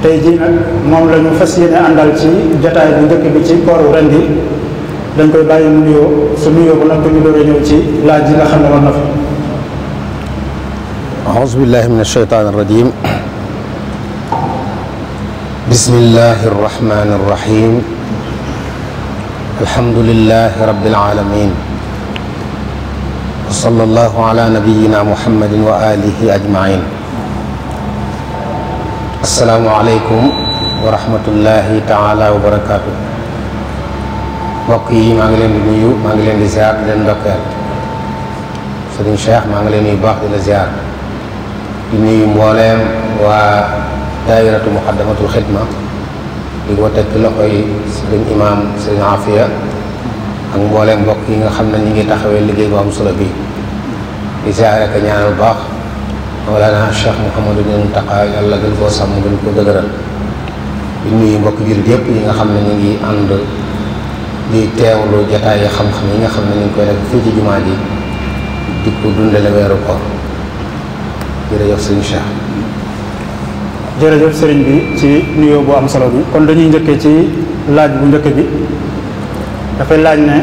tey jii nag moom la ñu fas yéene àndal ci jotaay bu njëkk bi ci kooru ren bi dañ koy bàyyi mu nuyoo su nuyoo bu nag ñu doon ñëw ci laaj yi nga xam ne war na fa أعوذ بالله من الشيطان الرجيم بسم الله الرحمن الرحيم الحمد لله رب العالمين وصلى الله على نبينا محمد وآله أجمعين asalaamualeykum wa rahmatullahi taala wa barakaatu mbokk yi maa ngi leen di nuyu maa ngi leen di ziar leen ndokkeel sëriñ Cheikh maa ngi leen nuyu baax di la ziar di nuyu mbooleem waa daayiratu muqaddamatul xidma di ko teg ci loxoy afiya ak mbooleem mbokk yi nga xam ne ñu ngi taxawee liggéey bu am solo bi di ziar ak ñaan bu baax Mawlana Cheikh Mouhamadou Mountakha yàlla gën koo sàmm gën koo dëgëral di nuyu mbokk jullit yëpp yi nga xam ne ñu ngi ànd di teewlu jataay yi xam-xam yi nga xam ne ñu ngi koy def fii ci jumaa ji di ko dundale weeru koor jërëjëf sëñ bi ci nuyoo bu am solo bi kon dañuy njëkkee ci laaj bu njëkk bi dafay laaj ne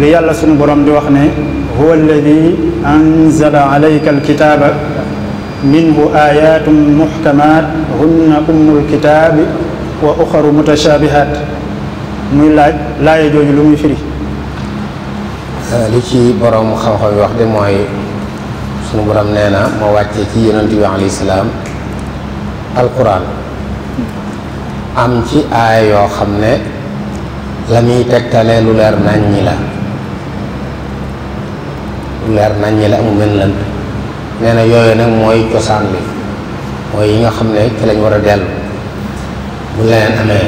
li yàlla sunu borom di wax ne huwa alladi anzala alayka alkitaaba minhu ayatun muhkamaat hunna ummul kitaabi wa uxaru mutashaabihaat muy laaj laaya jooju lu muy firi eh, li ci borom xam-xam yi wax de mooy sunu borom nee na moo wàcce ci yonent bi alayhi salaam alquran am ci aaya yoo xam ne la muy tegtalee lu leer nañ la lu leer nañ ñi la amul mel lënt nee na yooyu nag mooy cosaan bi mooy yi nga xam ne ci lañ war a dellu bu leneen amee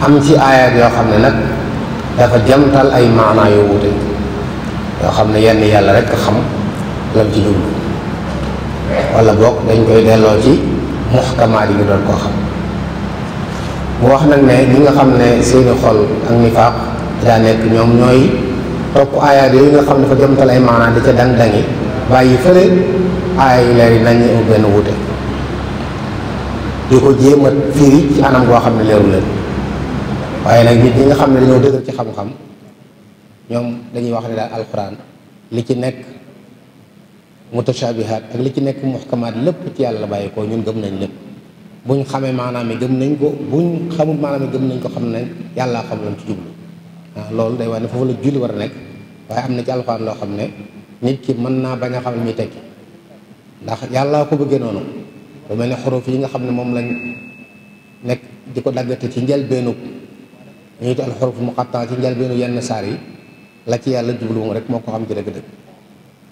am ci aayaat yoo xam ne nag dafa jamtal ay maanaa yu wuute yoo xam ne yenn yàlla rek xam lam ci jublu wala dañ koy delloo ci muxkamaat yi doon koo xam mu wax nag ne ñi nga xam ne seeni xol ak nifaaq daa nekk ñoom ñooy topp aayaat yooyu nga xam ne dafa jamtal ay maanaa di ca dang-dangi bàyyi fële ay leer yi nañ benn wuute di ko jéem a firi ci anam goo xam ne leeru leen waaye nag nit ñi nga xam ne dañoo dëgër ci xam-xam ñoom dañuy wax ne daal alxuraan li ci nekk mutashabihaat ak li ci nekk muhkamaat lépp ci yàlla bàyyi koo ñun gëm nañ lépp buñ xamee maanaam mi gëm nañ ko buñ xamul maanaam mi gëm nañ ko xam ne yàllaa xam ci jublu waaw ah, loolu day wax ne foofu la julli war a nekk waaye am na ci alxuraan loo xam ne nit ki mën naa bañ a xam mi teg ndax yàllaa ko bëggee noonu lu mel ni xuruf yi nga xam ne moom lañ nekk di ko daggate ci njalbeenu ñu it al xuruf muqatta ci njëlbeenu yenn saar yi la ci yàlla jubluwum rek moo ko xam ci dëgg-dëgg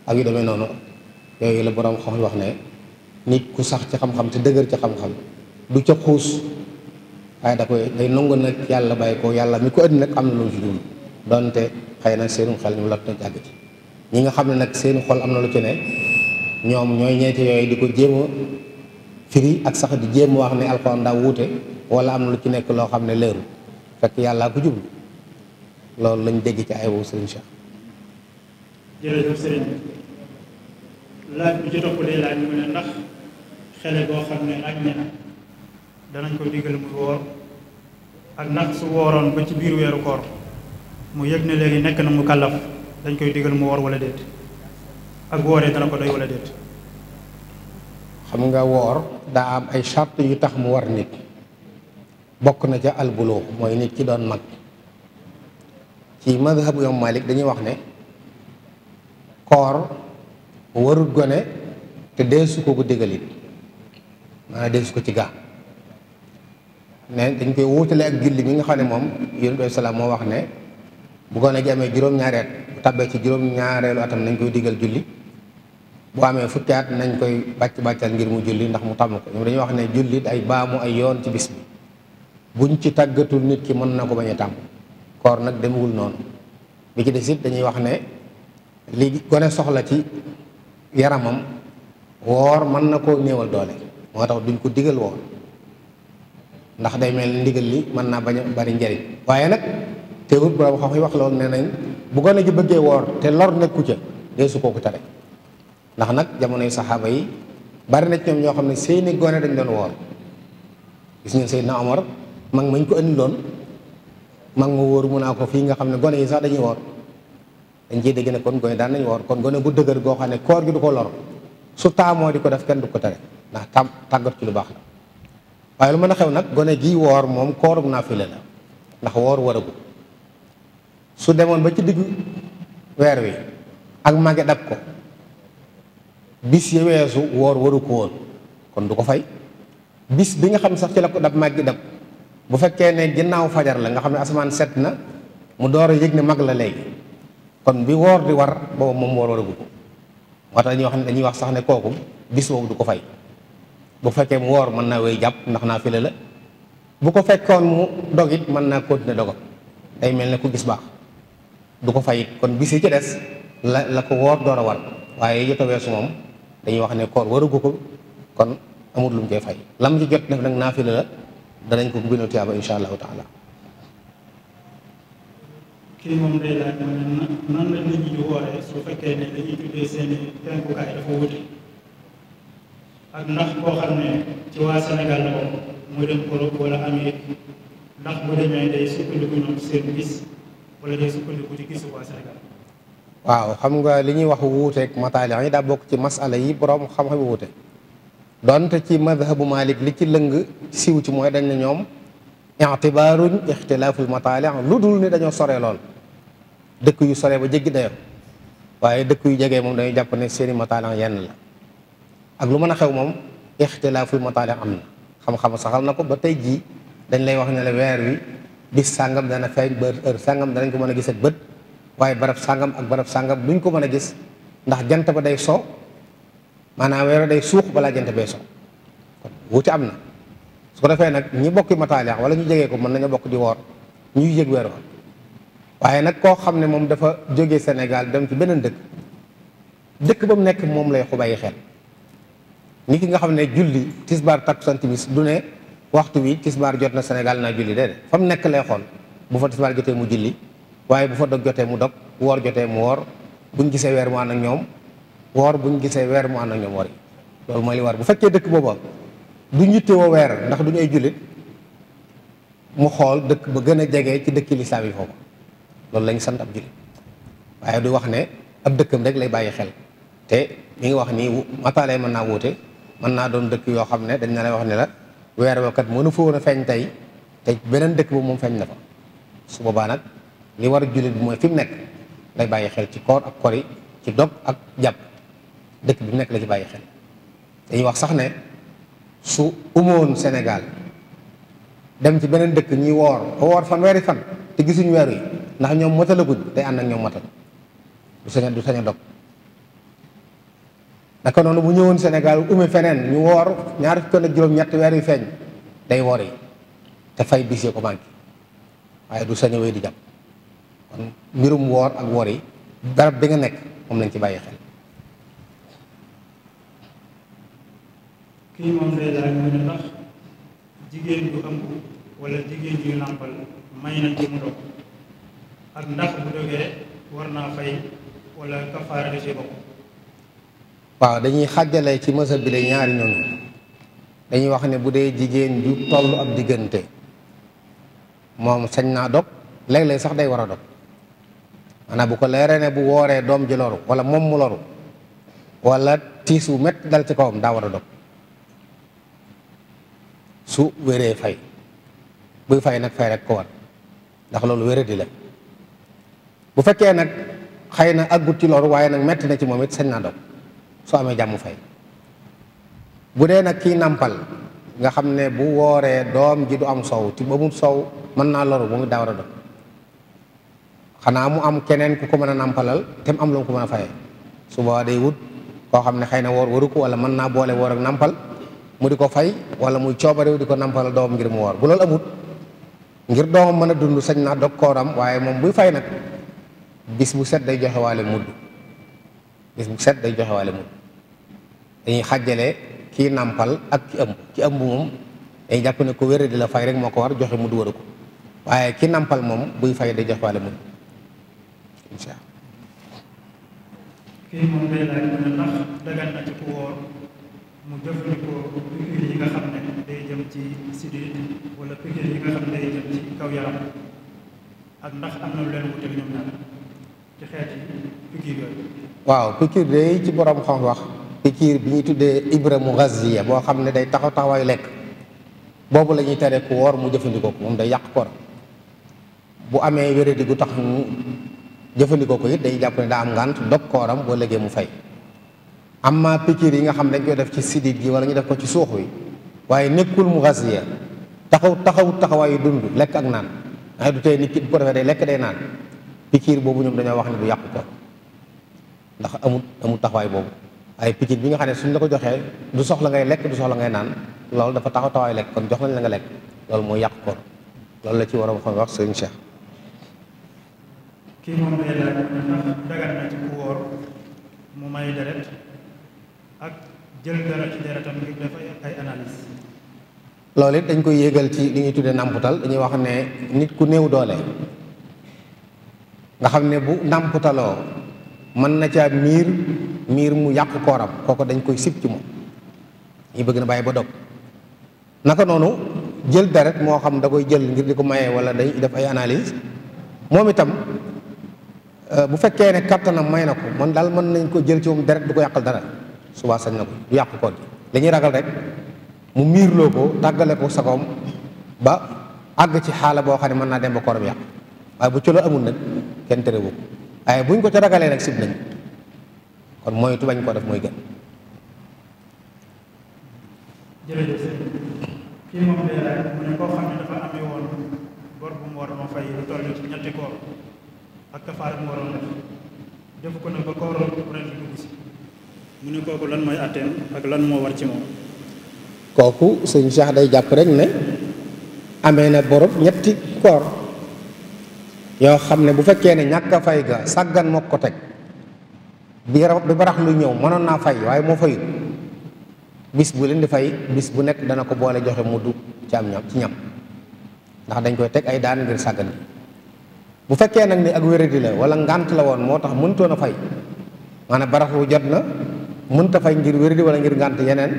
ak yu demee noonu yooyu la borom xam wax ne nit ku sax ci xam-xam te dëgër ci xam-xam du ca xuus waaye da koy day nangu nag yàlla bàyyi ko yàlla mi ko ëdd nag am na lu mu ci jublu donte xëy na seenum xel ñu lot na jàgg ñi nga xam ne nag seeni xol am na lu ci ne ñoom ñooy ñeenti yooyu di ko jéem a ak sax di jéem wax ne alxuraan daa wuute wala am na lu ci nekk loo xam ne leeru fekk yàllaa ko jublu loolu lañ dégg ci ay wow sëriñ Cheikh. jërëjëf sëriñ ci danañ ko digal mu woor ak ndax su wooroon ba ci biir weeru koor mu yëg ne léegi nekk na mu kàllaf dañ koy digal mu woor wala déet ak wooree dana ko doy wala déet xam nga woor daa am ay charte yu tax mu war nit bokk na ca albuloo mooy nit ci doon mag ci madhabu yom malik dañuy wax ne koor warut gone te deesu ko ko digalit maanaam ko ci gaa ne dañ koy wóotale ak julli mi nga xam ne moom yonent bi salaam moo wax ne bu a gi amee juróom-ñaari at tabbee ci juróom ñaareelu atam nañ koy digal julli boo amee fukki nañ koy bàcc bàccal ngir mu julli ndax mu tàmm ko ñoom dañuy wax ne julli ay baamu ay yoon ci bis bi buñ ci tàggatul nit ki mën na ko bañ a tàmm koor nag demewul noonu bi ci des it dañuy wax ne li gone soxla ci yaramam woor mën na ko néewal doole moo tax duñ ko digal woor ndax day mel ndigal li mën naa bañ a bari njariñ waaye nag te borom xam yi wax loolu ne nañ bu gone gi bëggee woor te lor nekku ca dee su kooku tere ndax nag jamonoy saxaaba yi bari na ci ñoom ñoo xam ne seeni gone dañ doon woor gis ngeen Seydina Omar mag mañ ko andi mag ma wóor mu naa ko fii nga xam ne gone yi sax dañuy woor dañ ciy dégg ne kon gone daan nañ woor kon gone bu dëgër goo xam ne koor gi du ko lor su taamoo di ko def kenn du ko tere ndax tam tàggat ci lu baax la waaye lu mën a xew nag gone gi woor moom koorug naafile la ndax woor waragul su demoon ba ci diggu weer wi ak mage dab ko bis ya weesu woor waru ko woon kon du ko fay bis bi nga xam sax ci la ko dab màggi dab bu fekkee ne ginnaaw fajar la nga xam ne asamaan set na mu door a yëg ne mag la léegi kon bi woor di war booba moom woor waragu ko moo tax dañuy wax ne dañuy wax sax ne kooku bis boobu du ko fay bu fekkee mu woor mën naa wéy jàpp ndax naa file la bu ko fekkoon mu dogit mën naa continuer dogo day mel ne ku gis baax du ko fay kon bis yi ci des la la ko woor door a war waaye yi jot moom dañuy wax ne koor warugu ko kon amul lu mu koy fay lam ci jot def nag naafila la danañ ko gënal tiyaaba insha allahu taala. kii moom day laaj nan la nit ñi di wooree su fekkee ne dañuy tuddee seen i penkukaay dafa wute ak ndax koo xam ne ci waa Sénégal la moom mu dem Europe wala Amérique ndax bu demee day sukkandiku ñoom seen bis. wala waaw xam nga li ñuy wax wuuteeg mataalian yi daa bokk ci masala yi borom xam-xam wuute donte ci bu Malik li ci lëng siiw ci mooy dañ ne ñoom i'tibaaruñ ixtilaaful mataalian lu dul ni dañoo sore lool dëkk yu sore ba jéggi dayo waaye dëkk yu jege moom dañuy jàpp ne seeni mataalian yenn la ak lu mën a xew moom ixtilaaful mataalian am na xam-xam saxal na ko ba tey jii dañ lay wax ne la wi bis sàngam dana feeñ ba sàngam danañ ko mën a gis ak bët waaye barab sàngam ak barab sàngam duñ ko mën a gis ndax jant ba day soo maanaam weeru day suux balaa jant bay soo kon wuute am na su ko defee nag ñi bokki mataaliyaax wala ñu jegee ko mën nañu bokk di woor ñuy yëg weer woor waaye nag koo xam ne moom dafa jóge Sénégal dem ci beneen dëkk dëkk ba mu nekk moom lay xubayi xel ni ki nga xam ne julli tisbaar takkusaan timis du ne waxtu bi tisbaar jot na Sénégal naa julli déedéet fa mu nekk lay xool bu fa tisbaar jotee mu julli waaye bu fa dog jotee mu dog woor jotee mu woor buñ gisee weer mu ànd ak ñoom woor buñ gisee weer mu ànd ak ñoom loolu mooy li war bu fekkee dëkk booba duñ yittewoo weer ndax duñ ay jullit mu xool dëkk ba gën a jege ci dëkki lislaam yi foofu loolu lañ sant ab jullit waaye du wax ne ab dëkkam rek lay bàyyi xel te mi ngi wax nii mataalee mën naa wuute mën naa doon dëkk yoo xam ne dañ na lay wax ne la weer wa kat mënu fa woon a feeñ tey te beneen dëkk ba moom feeñ na fa su boobaa nag li war a jullit bi mooy fi mu nekk lay bàyyi xel ci koor ak kori ci dog ak jàpp dëkk bi mu nekk la ci bàyyi xel dañuy wax sax ne su umoon Sénégal dem ci beneen dëkk ñuy woor ba woor fan weeri fan te gisuñu weer yi ndax ñoom matalaguñ tey ànd ak ñoom matal du sañ du sañ dog naka noonu bu ñëwoon Sénégal ume feneen ñu woor ñaar fukk ak juróom-ñetti weer yu feeñ day woor yi te fay bis yi ko manqué waaye du sañ wéy di jàpp kon mbirum woor ak woor yi barab bi nga nekk moom lañ ci bàyyi xel. kii moom day laaj mu ne ndax jigéen bu ëmb wala jigéen yu nàmpal may na ci mu dog ak ndax bu dogee war naa fay wala kafaara da bokk. waaw dañuy xàjjale ci mësa bi la ñaari ñooñu dañuy wax ne bu dee jigéen ju toll ab diggante moom sañ naa dog léeg-léeg sax day war a dog maanaam bu ko leeree ne bu wooree doom ji loru wala moom mu loru wala tiis wu métt dal ci kawam daa war a dog su wéree fay buy fay nag fay rek ko war ndax loolu wére la bu fekkee nag xay na àggut ci loru waaye nag metti na ci moom it sañ naa dog su amee jàmm fay bu dee nag kii nàmpal nga xam ne bu wooree doom ji du am soow ti ba mu sow mën naa loru bu mu daawar a doon xanaa mu am keneen ku ko mën a nàmpalal te mu am lu ko mën a fayee su boobaa day wut koo xam ne xëy na woor waru ko wala mën naa boole woor ak nàmpal mu di ko fay wala muy wu di ko nàmpalal doom ngir mu woor bu loolu amut ngir doomam mën a dund sañ naa dog kooram waaye moom buy fay nag bis bu set day joxe set day joxe waale mudd dañuy xàjjale kii nàmpal ak ki ëmb ki ëmb moom dañuy jàpp ne ko wéradi la fay rek moo ko war joxe mu dugal ko waaye ki nàmpal moom buy fay day jox wàlle mu incha allah. kii ci ku yi nga xam ne day jëm ci sidit wala piqûre yi nga xam ne day jëm ci kaw yaram ak ndax am na lu leen wutal ñoom ñaar ci xeet yi yooyu. waaw piqûre day ci borom xam wax. pikiir bi ñuy tuddee ibra mu gaziya boo xam ne day taxaw taxawaayu lekk boobu la ñuy tere ku woor mu jëfandikoo ko moom day yàq koor bu amee wéradi gu tax mu jëfandikoo ko it day jàpp ne daa am ngànt dog kooram boo léegi mu fay amma pikiir yi nga xam dañ koy def ci sidit gi wala ñu def ko ci suux wi waaye nekkul mu gaziya taxaw taxaw taxawaayu dund lekk ak naan ay du tey nit ki bu ko defee day lekk day naan pikiir boobu ñoom dañoo wax ne du yàq koor ndax amul amul taxawaay boobu ay piccin bi nga xam ne suñ la ko joxee du soxla ngay lekk du soxla ngay naan loolu dafa taxaw taxawaay lekk kon jox nañ la nga lekk loolu mooy yàq koor loolu la ci waroon xam wax sëriñ Cheikh. mu may deret ak jël dara ci deretam ngir def ay analyse loolu it dañ koy yéegal ci li ñuy tuddee nàmputal dañuy wax ne nit ku néew doole nga xam ne bu nàmputaloo mën na caa miir miir mu yàq kooram kooko dañ koy sib ci moom ñu bëgg na bàyyi ba dog naka noonu jël deret moo xam da koy jël ngir di ko maye wala day def ay analyse moom itam euh, bu fekkee ne kàttanam may na ko man daal mën nañ ko jël ci moom deret du ko yàqal dara subaa sañ na ko du yàq koor gi li ñuy ragal rek mu miirloo ko tàggale ko sagoom ba àgg ci xaala boo xam ne mën naa dem ba kooram yàq waaye bu ci loolu amul nag kenn terewu ko waaye buñ ko ci ragalee nag sib kon moytu bañ koo def mooy gën. jërëjëf kii moom day laaj mu ne koo xam ne dafa amee woon bor bu mu war moo fay lu toll ci ñetti koor ak kafaara mu waroon def nag mu ne kooku lan mooy atteem ak lan moo war ci moom. kooku suñu Cheikh day jàpp rek ne amee na borom ñetti koor. yoo xam ne bu fekkee ne ñàkk fay ga sàggan moo ko teg bi bi barax lu ñëw mënoon naa fay waaye moo fayut bis bu leen di fay bis bu nekk dana ko boole joxe mudd ci am ñam ci ñam ndax dañ koy teg ay daan ngir sàggan bi bu fekkee nag ni ak wéradi la wala ngant la woon moo tax mënutoon a fay maanaam barax lu jot na mënta fay ngir wéradi walla ngir ngant yeneen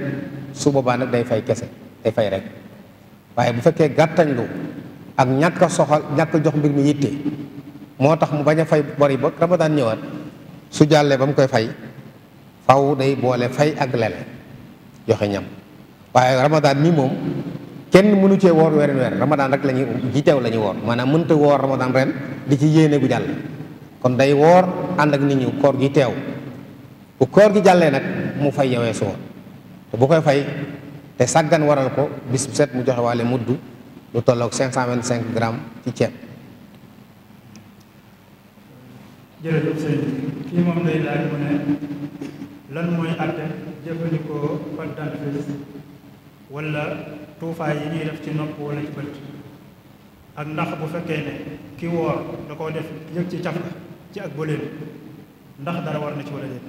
su boobaa day fay kese day fay rek waaye bu fekkee gàttañ lu ak ñàkk ñàkk jox mbir mi yitte moo tax mu bañ a fay bor yi ba ramadaan ñëwaat su jàllee ba mu koy fay faw day boole fay ak lele joxe ñam waaye ramadaan mi moom kenn mënu cee woor weerin weer ramadaan rek la ñuy ji teew la ñuy woor maanaam mënta woor ramadaan ren di ci yéene gu jàll kon day woor ànd ak nit ñi koor gi teew bu koor gi jàllee nag mu fay yowee su te bu koy fay te sàggan waral ko bis bu set mu joxe waale muddu lu tolloog cinq cent vingt cinq grammes ci ceeb. jërëjëf sëñ kii moom lay laaj mu ne lan mooy àtte jëfandikoo pâte dentifrice wala tuufaay yi ñuy def ci nopp wala ci bët ak ndax bu fekkee ne ki woor da koo def yëg ci caf ci ak bële ndax dara war na ci wala déet.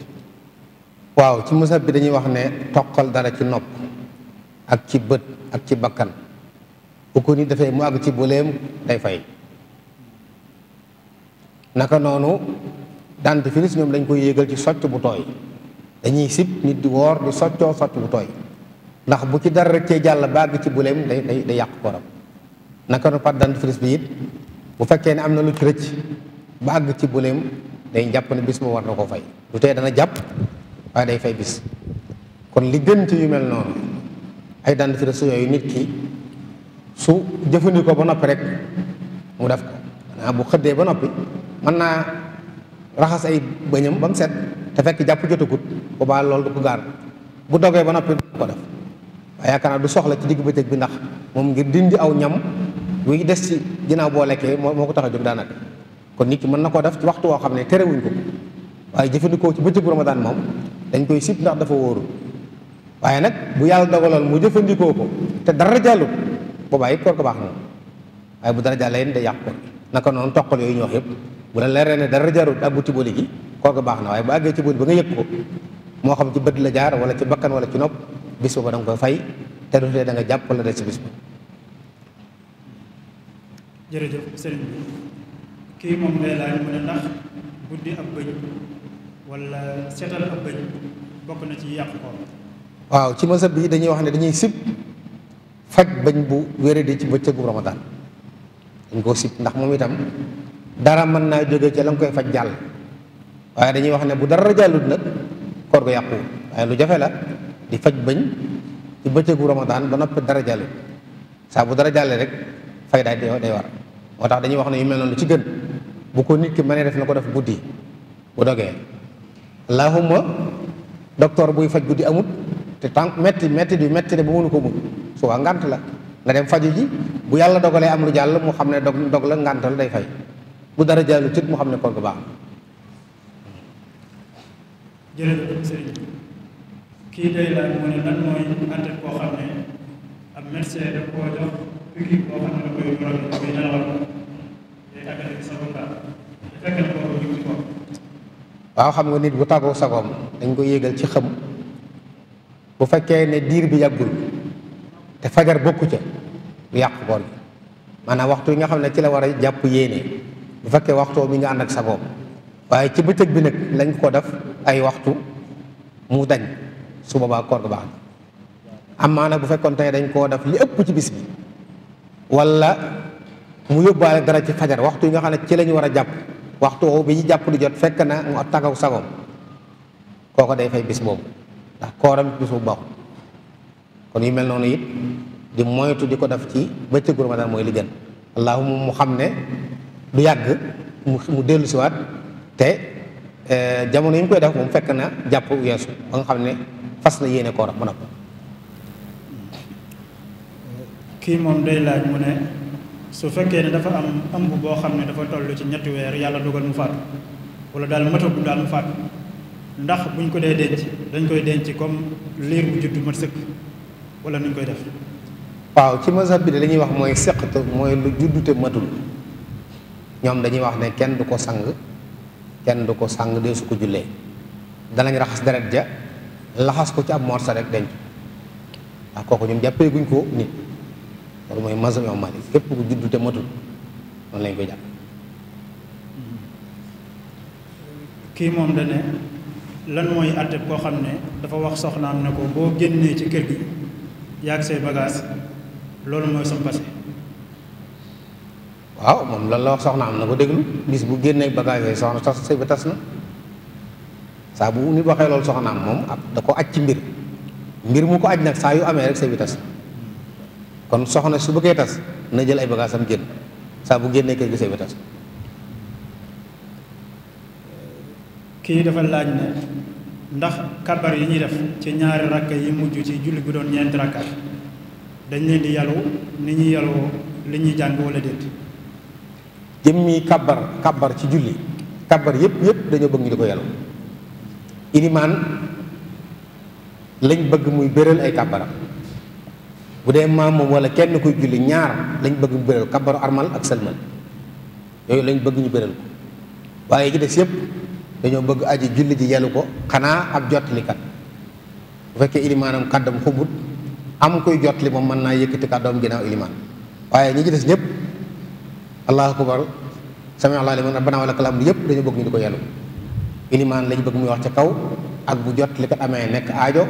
waaw ci musab bi dañuy wax ne toqal dara ci nopp ak ci bët ak ci bakkan. bu ko nit dafay mu àgg ci buleem day fay naka noonu dante filis ñoom dañ koy yëgal ci socc bu tooy dañuy sib nit di woor di soccoo socc bu tooy ndax bu ci dara rek cee jàll bàgg ci buleem day day day yàq koram naka noonu pat dante filis bi it bu fekkee ne am na lu ci rëcc ba àgg ci buleem day jàpp ne bis mu war na koo fay lu tey dana jàpp waaye day fay bis kon li yu mel noonu ay dante filis yooyu nit ki su jëfandikoo ba noppi rek mu def ko maanaam bu xëddee ba noppi mën naa raxas ay bëñam bam set te fekk jàpp jotagut bu baa loolu du ko gaar bu dogee ba noppi du ko def waaye yaakaar du soxla ci diggu bëccëg bi ndax moom ngir dindi aw ñam buy des ci ginnaaw boo lekkee moo ko tax a jóg daanaka kon nit ki mën na koo def ci waxtu woo xam ne terewuñ waaye jëfandikoo ci bëccëgu ramadaan moom dañ koy sib ndax dafa wóoru waaye nag bu yàlla dogaloon mu jëfandikoo ko te dara jàllut boobaa it koor ko baax na waaye bu dara jàllee it day yàq koor naka noonu toqal yooyu ñoo yëpp bu la leeree ne dara jaarut àggu ci booli gi koor ko baax na waaye bu àggee ci booli ba nga yëg ko moo xam ci bët la jaar wala ci bakkan wala ci nopp bis booba da fay te du tee da nga jàpp la ci bis ci yàq waaw ci masab bi dañuy wax ne dañuy sib faj bañ bu wéradi ci bëccëgu Ramadan dañ koo sib ndax moom itam dara mën naa jóge ca la koy faj jàll waaye dañuy wax ne bu dara jàllut nag koor gu yàqu waaye lu jafe la di faj bañ ci bëccëgu Ramadan ba noppi dara jàllut saa bu dara jàllee rek fay daay day war moo tax dañuy wax ne yu mel noonu ci gën bu ko nit ki mënee def na ko def guddi bu dogee allahumma docteur buy faj guddi amut te tànk metti metti du metti de ba mënu ko mun suba ngant la nga dem faju ji bu yàlla dogalee am lu jàll mu xam ne dog dog la ngant la day fay bu dara jàll tit mu xam ne koor gu baax jërëjëf waaw xam nga nit bu tàggoo sagoom dañ koy yéegal ci xëm bu fekkee ne diir bi yàggul te fajar bokku ca bu yàq koor gi maanaam waxtu yi nga xam ne ci la war a jàpp yéene bu fekkee waxtoo mi nga ànd ak sa waaye ci bëccëg bi nag lañ ko def ay waxtu mu dañ su boobaa koor gu baax na am bu fekkoon tey dañ koo def li ëpp ci bis bi wala mu yóbbaale dara ci fajar waxtu yi nga xam ne ci lañu war a jàpp waxtu woowu bi ñu jàpp di jot fekk na mu tàggaw sagoom kooko day fay bis boobu ndax kooram bis bu baaxul kon yu mel noonu it di moytu di ko def ci bëccëgu ramadan mooy li gën allahuma mu xam ne du yàgg mu dellu siwaat te eh, jamono yi mu koy def moom fekk na jàpp weesu ba nga xam ne fas na yéene kooram mu na ko kii moom day laaj mu ne fekkee ne dafa am ëmb boo xam ne dafa toll ci ñetti weer yàlla dogal mu faatu wala daal matagu daal mu faatu ndax buñ ko dee denc dañ koy denc comme liir bu juddu mat sëkk wala nuñ koy def waaw ci mazhab bi de li wax mooy seqat mooy lu juddute matul ñoom dañuy wax ne kenn du ko sang kenn du ko sang dee su ko jullee danañ raxas deret ja laxas ko ci ab morsa rek denc ndax kooku ñoom jàppee guñ ko nit loolu mooy mazhab imam Malik képp ku juddute matul noonu lañ ko jàpp kii moom da ne lan mooy àtte koo xam ne dafa wax soxnaam na ko boo génnee ci kër gi yàgg say bagage loolu mooy sam passé waaw moom lan la wax soxna am na ko déglu bis bu génnee bagage yooyu soxna tas sëy ba tas na saa bu nit waxee loolu soxna am moom ab da ko aj ci mbir mbir mu ko aj nag saa yu amee rek sëy bi tas kon soxna su bëggee tas na jël ay bagage am génn saa bu génnee kër gi sëy bi tas kii dafa laaj ne ndax kabar yi ñuy def ci ñaari rakk yi mujj ci julli bi doon ñeenti rakkaat dañ leen di yàllu ni ñuy yàllu li ñuy jàng wala déet jëmmi kabar kabar ci julli kabar yëpp yépp dañoo bëgg ñu di ko yàllu ilimaan lañ bëgg muy béral ay kabaram bu dee maam moom wala kenn koy julli ñaar lañ bëgg mu béral kabaru armal ak sëlmal yooyu lañ bëgg ñu béral ko waaye ci des yëpp dañoo bëgg aji julli ji yenu ko xanaa ab jottalikat bu fekkee ilimaanam kàddam xubut am koy jottali moom mën naa yëkkati kàddoom ginnaaw ilimaan waaye ñi ci des ñëpp allahu akbar sami allah liman rabbana wa lakal hamd yëpp dañoo bëgg ñu di ko yenu ilimaan lañ bëgg muy wax ca kaw ak bu jottalikat amee nekk aajo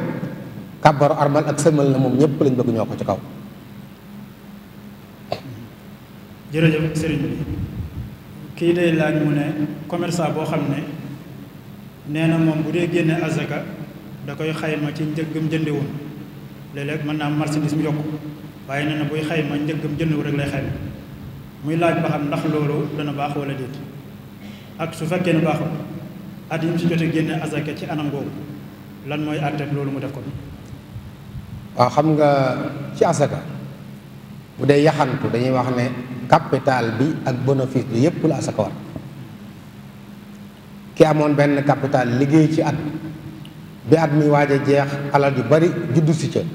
kàbbaru armal ak sëmal na moom ñëpp lañ bëgg ñoo ko ci kaw kii day laaj mu ne commerçant boo xam ne nee na moom bu dee génne azaka da koy xayma ci njëggam jënde woon léeg mën naa am marchandise mu yokku waaye nee na buy xayma njëggam jënd wu rek lay xayma muy laaj ba xam ndax loolu dana baax wala déet ak su fekkee ne baaxul at yi mu si jotee génne azaka ci anam googu lan mooy àtteeg loolu mu def ko. waaw xam nga ci asaka bu dee yaxantu dañuy wax ne capital bi ak bénéfice bi yépp la asaka war. ki amoon benn capital liggéey ci at bi at mi waaj jeex alal yu bari juddu si ca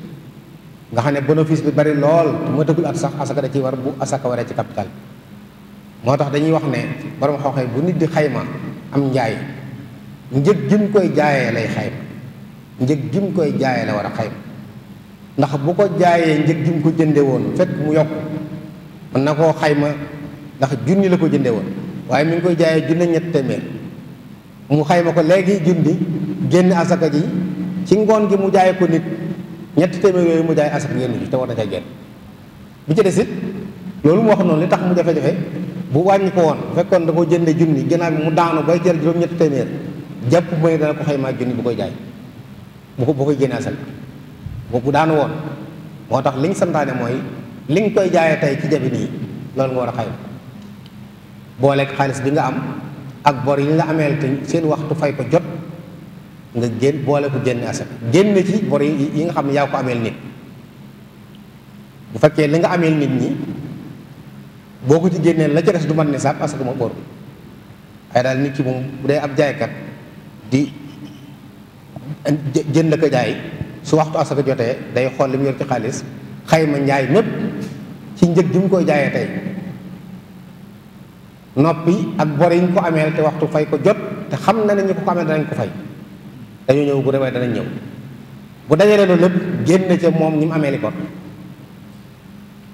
nga xam ne bénéfice bi bari lool moo tëggul at sax asaka da ciy war bu asaka waree ci capital moo tax dañuy wax ne borom xooxee bu nit di xayma am njaay njëg gi mu koy jaayee lay xayma njëg gi mu koy jaayee la war a xayma ndax bu ko jaayee njëg gi mu ko jënde woon fekk mu yokk mën na koo xayma ndax junni la ko jënde woon waaye mu ngi koy jaayee junne ñett téeméer mu xayma ko léegi junni génn asaka ji ci ngoon gi mu jaay ko nit ñetti téeméer yooyu mu jaay asaka génn ji te war na cay génn bi loolu mu wax noonu li tax mu jafe-jafe bu wàññi ko woon bu fekkoon da ko jënde junni ginnaaw bi mu daanu bay jar juróom-ñetti téeméer jàpp mooy dana ko xaymaa junni bu koy jaay bu ko bu koy génne asaka bu daanu woon moo tax liñ santaane mooy li nga koy jaayee tey ci jabi nii loolu nga war a xayma booleeg xaalis bi nga am ak bor yi ñu la ameel te seen waxtu fay ko jot nga génn boole ko génne asaka génn ci bor yi nga xam ne yaa ko amee nit bu fekkee li nga amee nit ñi boo ko ci génnee la ca des du man ne sax asaka moo bor bi ay daal nit ki moom bu dee ab jaaykat di jënd ko jaay su waxtu asaka jotee day xool li yor ci xaalis xayma njaay mépp ci njëg gi mu koy jaayee tey noppi ak bor yi ñu ko ameel te waxtu fay ko jot te xam na ne ñu ko ko ameel danañ ko fay dañuy ñëw bu demee danañ ñëw bu dajalee loolu lépp génn ca moom ñi mu amee li bor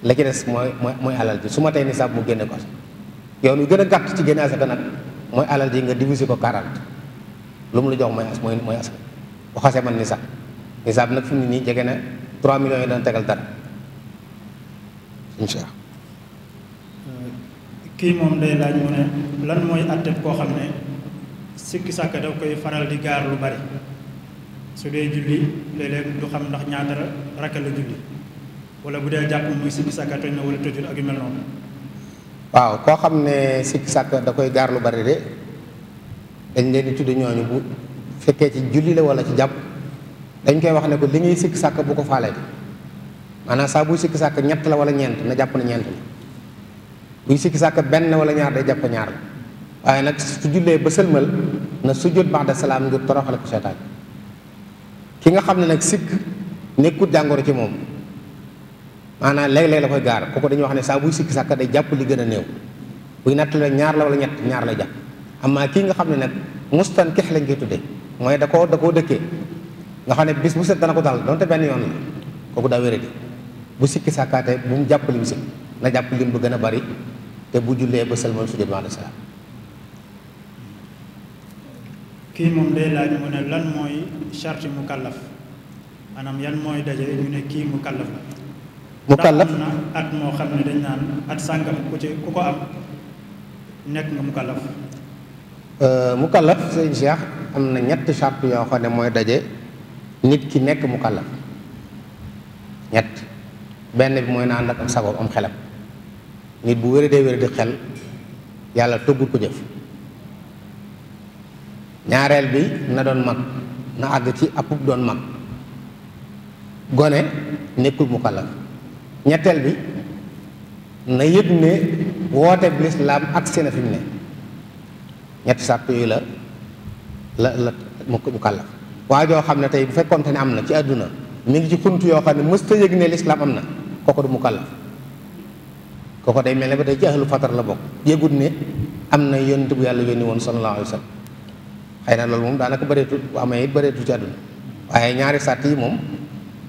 la ci des mooy mooy mooy alal ji su ma tey nisaab mu génne ko yow lu gën a gàtt ci génne asaka nag mooy alal ji nga diviser ko 40 lu mu la jox mooy as mooy mooy xasee man nisaab nisaab nag fi mu ne nii jege na 3 millions yi dana tegal dara incha fii moom day laaj moo ne lan mooy àtteb koo xam ne sikki sàkk da koy faral di gaar lu bari su dee julli léeg-léeg du ndax ñaata rakka la julli wala bu dee jàpp muy sikki sàkk toj na wala tojul mel noonu waaw koo xam ne sikki sàkk da koy gaar lu bari de dañ leen di tudd ñooñu bu fekkee ci julli la wala ci jàpp dañ koy wax ne ko li ngay sikki sàkk bu ko faale bi maanaam saa buy sikki ñett la wala ñeent na jàpp na ñeent la buy sikki sàkk benn wala ñaar day jàpp ñaar la waaye nag su jullee ba sëlmal na sujjóot ba'da salaam ngir toroxale ku seytaan ki nga xam ne nag sikk nekkut jàngoro ci moom maanaam léeg-léeg la koy gaar kooku dañuy wax ne saa buy sikki sàkk day jàpp li gën a néew buy nattale ñaar la wala ñett ñaar lay jàpp amaa kii nga xam ne nag mustan kex lañ koy tuddee mooy da koo da koo dëkkee nga xam ne bis bu set dana ko dal donte benn yoon la kooku daa wéradi bu sikki sàkkaate bu jàpp lim si na jàpp lim bu gën a bari te bu jullee ba sëlmal sujjóot ba'da salaam kii moom day laaj mu ne lan mooy charte mu kàllaf maanaam yan mooy daje ñu ne kii mu kàllaf la mu kàllaf nekk mu kàllaf euh, mu kàllaf sëñ Cheikh am na ñetti charte yoo xam ne mooy daje nit ki nekk mu kàllaf ñett benn bi mooy na ànd am sago am xelam nit bu wéradee wéradi xel yàlla tëggul ko jëf ñaareel bi na doon mag na àgg ci appub doon mag gone nekkul mu kallaf ñetteel bi na yëg ne woote bi lislaam ak seen ne ñetti sàpp yooyu la la la mu mu kallaf waa joo xam ne tey bu fekkoonte ne am na ci àdduna mu ngi ci xunt yoo xam ne mës ta yëg ne lislaam am na kooku du mu kallaf kooko day mel ne ba tey ci ahlu fatar la bokk yëgut ne am na yonent bu yàlla yónni woon sallallahu alayhi wa sallam xëy na loolu moom daanaka bëreetul bu amee it bëreetul waaye ñaari sàtt yi moom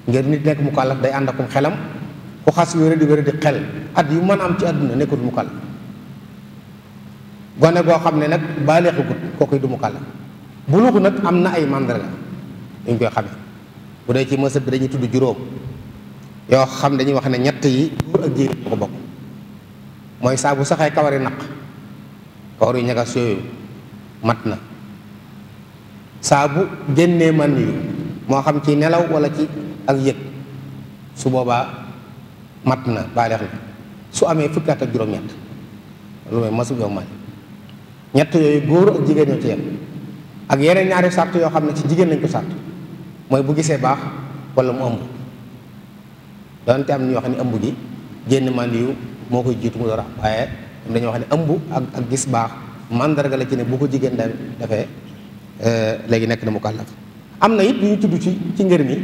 ngir nit nekk mu kàllaf day ànd akum xelam ku xas wéra di wéra di xel at yu mën am ci àdduna nekkut mu kàllaf gone goo xam ne nag baaleexagut kooku du mu kàllaf buluuxu nag am na ay mandarga duñ koy xamee bu dee ci mësëb bi dañuy tudd juróom yoo xam dañuy wax ne ñett yi góor ak jigéen mooy saa bu saxee kawari naq kawar yu yooyu mat na saa bu génnee man moo xam ci nelaw walla ci ak yëg su boobaa mat na baaleex na su amee fukki at ak juróom-ñett lu may masu yow man ñett yooyu góor ak jigéen ñoo ci yem ak yeneen ñaari sart yoo xam ne ci jigéen lañ ko sàrt mooy bu gisee baax wala mu ëmb donte am ñu wax ni ëmb gi génn man moo koy jiitu mu door waaye am dañoo wax ne ëmb ak gis baax mandarga la ci ne bu ko jigéen da dafee euh, léegi nekk na mu kàllaf am na it yu ñu tudd ci ci ngër mi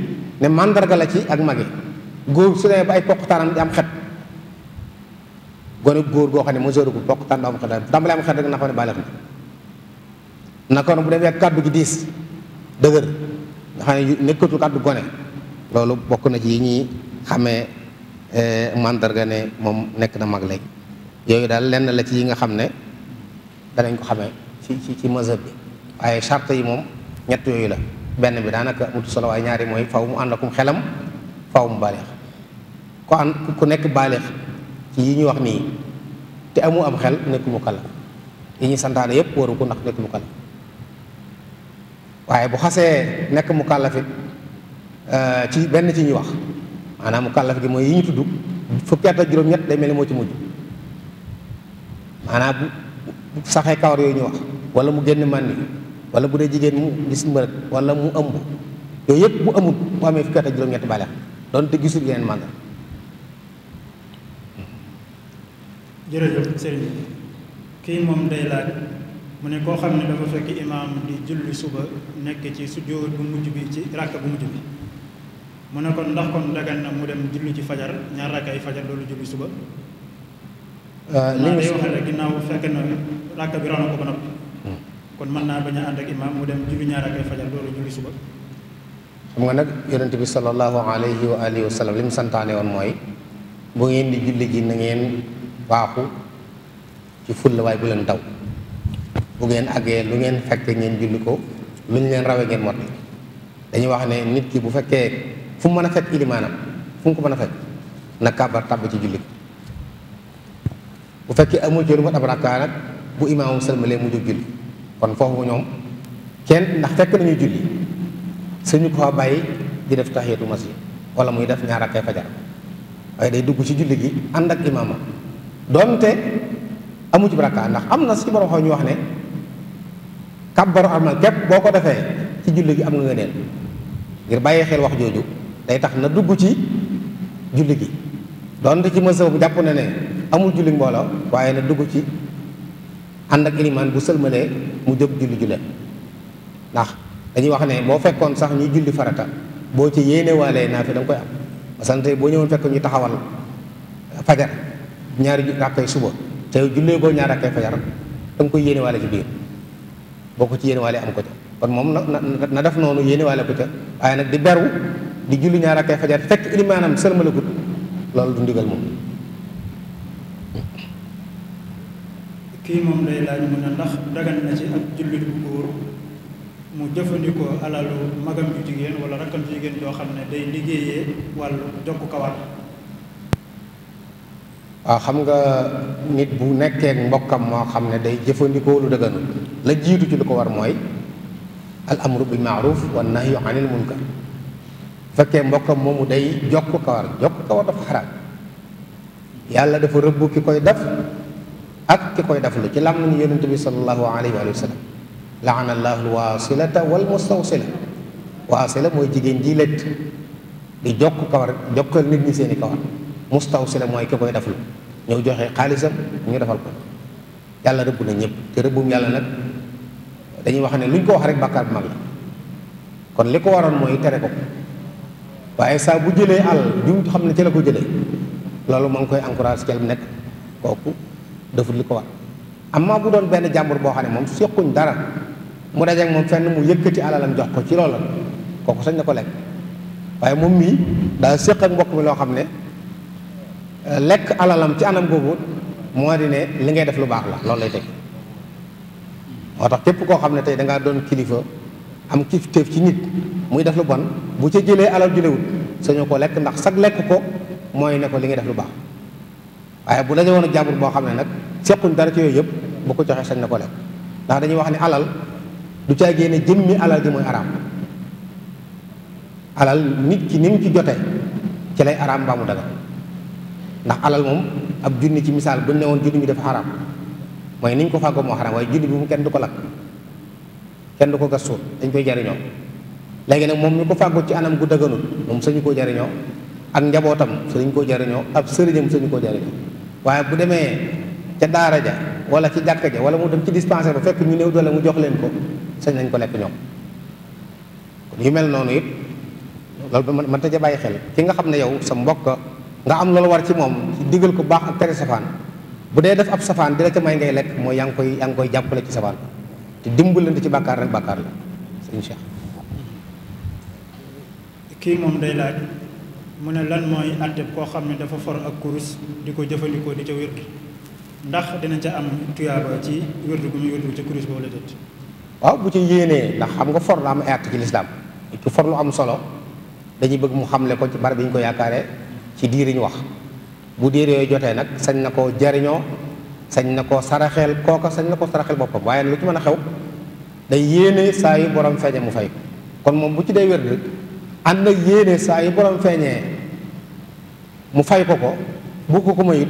ne mandarga la ci ak magi góor su dee ba ay poqtaanam di am xet gone góor goo xam ne mesure gu poqtaan du am xet tàmbalee am xet rek na xam ne bàyyi na naka bu demee kàddu gi diis dëgër nga xam ne nekkatul kàddu gone loolu bokk na ci yi ñuy xamee Eh, mandarga ne moom nekk na mag léegi yooyu daal lenn la ci yi nga xam ne danañ ko xamee ci ci ci mazhab bi waaye charte yi moom ñett yooyu la benn bi daanaka amutu solo waaye ñaari mooy faw mu ànd akum xelam faw mu baalix ku ànd ku nekk baalix ci yi ñu wax nii te amu am xel nekk mu kala yi ñu santaane yépp waru ko ndax nekk mu kala waaye bu xasee nekk mu kàllafit eh, ci benn ci ñu wax maanaa mu kàllaf gi mooy yi ñu tudd fukki at ak juróom-ñett day mel moo ci mujj maanaam bu saxee kawar yooyu ñu wax wala mu génn màndi wala bu dee jigéen mu gis mbërëg wala mu ëmb yooyu yëpp bu amul mu amee fukki at ak juróom-ñett bale doonte gisul yeneen màngal jërëjëf sëriñ kii moom day laaj mu ne koo xam ne dafa fekk imaam di julli suba nekk ci sujjóot bu mujj bi ci ràkk bu mujj bi mu ne kon ndax kon dagan na mu dem julli ci fajar ñaar rakkay fajar loolu julli suba. li ah, nga si waxee bi raw na hmm. kon mën naa bañ a ànd mu dem julli ñaar rakkay fajar loolu julli suba. xam nag yonent bi sallallahu alayhi wa alihi wa sallam li mu santaane woon mooy bu ngeen di julli ji na ngeen waaxu ci fulla waaye bu leen daw bu ngeen àggee lu ngeen fekkee ngeen julli ko lu ñu leen rawee ngeen mot dañuy wax ne nit ki bu fekkee. fu mu mën a fekk ilimaanam fu mu ko mën a fekk na kàbbar tàbb ci julli bu fekkee amul ci lu mat ab rakkaa nag bu imaamam sëlmalee mu jóg julli kon foofu ñoom kenn ndax fekk nañu julli suñu ko fa bàyyi di def tahiyatul masjid wala muy def ñaar rakkay fajar waaye day dugg ci julli gi ànd ak imaamam doonte amu ci rakkaa ndax am na si borom xaw ñu wax ne kàbbaru armal képp boo ko defee ci julli gi am nga neen ngir bàyyi xel wax jooju day tax na dugg ci julli gi donte ci mësa bu jàpp na ne amul julli mbooloo waaye na dugg ci ànd ak ilimaan bu sëlmalee mu jóg julli jullee ndax dañuy wax ne boo fekkoon sax ñuy julli farata boo ci yéenewaalee naa fi da koy am masante boo ñëwoon fekk ñu taxawal fajar ñaari rakkay suba te jullee boo ñaari rakkay fajar da koy yéenewaale ci biir boo ko ci yéenewaalee am ko ca kon moom na na def noonu yéenewaale ko ca waaye nag di beru di julli ñaar rakkay fajar fekk ilimaanam sërmalagut loolu du ndigal moom kii moom lay laaj mu ne ndax dagan na ci ab jullit bu góor mu jëfandikoo alalu magam ju jigéen wala rakkam ju jigéen joo xam ne day liggéeyee wàllu jokk kawar waaw ah, xam nga nit bu nekkee mbokkam moo xam ne day jëfandikoo lu dëgganul la jiitu ci lu ko war mooy al amru bil wa nahyu anil munkar fekkee mbokkam moomu day jokk kawar jokk kawar dafa xaraam yàlla dafa rëbb ki koy def ak ki koy def lu ci làmm ni yonente bi salallahu alayhi wa sallam laana allahu waasilata wal mustawsila mooy jigéen ji lett di jokk kawar jokkal nit ñi seeni kawar mustawsila mooy ki koy def lu ñëw joxe xaalisam ñu defal ko yàlla rëbb na ñëpp te rëbbum yàlla nag dañuy wax ne luñ ko wax rek bàkkaar mag la kon li ko waroon mooy tere ko waaye saa bu jëlee alal ju xam ne ci la ko jëlee loolu moo ngi koy encourage ci nekk kooku defut li ko war amma bu doon benn jàmbur boo xam ne moom sequñ dara mu dajeeg moom fenn mu yëkkati alalam jox ko ci loola kooku sañ na ko lekk waaye moom mii daa séq mbokk mi loo xam ne lekk alalam ci anam googu moo di ne li ngay def lu baax la loolu lay teg moo tax képp koo xam ne tey dangaa doon kilifa am kilifteef ci nit muy def lu bon bu ca jëlee alal julewut sañoo ko lekk ndax sag lekk ko mooy nekko li ngay def lu baax waaye bu daje woon ak jàmbur boo xam ne nag sequñ dara ci yooyu yëpp bu ko joxee sañ ne ko lekk ndax dañuy wax ne alal du caa génne jëmmi alal ji mooy araam alal nit ki ni mu ci jotee ci lay araam mbaa mu ndax alal moom ab junni ci misaal bu ñu ne woon junni bi dafa araam mooy ni ñu ko fàggoo moo xaraam waaye junni bi mu kenn ko lakk kenn ko gas suul dañ koy jariñoo léegi nag moom ñu ko fàggu ci anam gu dëgganul moom sañu koo jariñoo ak njabootam sañu koo jariñoo ab sëriñam sañu koo jariñoo waaye bu demee ca daara ja wala ci jàkka ja wala moo dem ci dispensaire ba fekk ñu new doole mu jox leen ko sañ nañ ko lekk ñoom kon yu mel noonu it loolu man man ta bàyyi xel ki nga xam ne yow sa mbokk nga am loolu war ci moom digal ko baax ak tere safaan bu dee def ab safaan di la ca may ngay lekk mooy yaa ngi koy yaa koy jàppale ci safaan te dimbalante ci bàkkaar rek bàkkaar la sëñ kii moom day laaj mu ne lan mooy àtteb koo xam ne dafa for ak kurus di ko jëfandikoo di ca wirdu ndax dina ca am tuyaaba ci wirdu gu muy wirdu kurus boobu la déet. waaw bu ci yéenee ndax xam nga for la am ay àtt ci lislaam ci for lu am solo dañuy bëgg mu xam xamle ko ci barab yi ñu ko yaakaaree ci diir yi ñu wax bu diir yooyu jotee nag sañ na ko jariñoo sañ na koo saraxeel kooka sañ na ko saraxel boppam waaye lu ci mën a xew day yéene saa yu borom feeñe mu fay kon moom bu ci dee wér ànd ak yéene saa yu borom feeñee mu fay ko ko bu ko ko mayut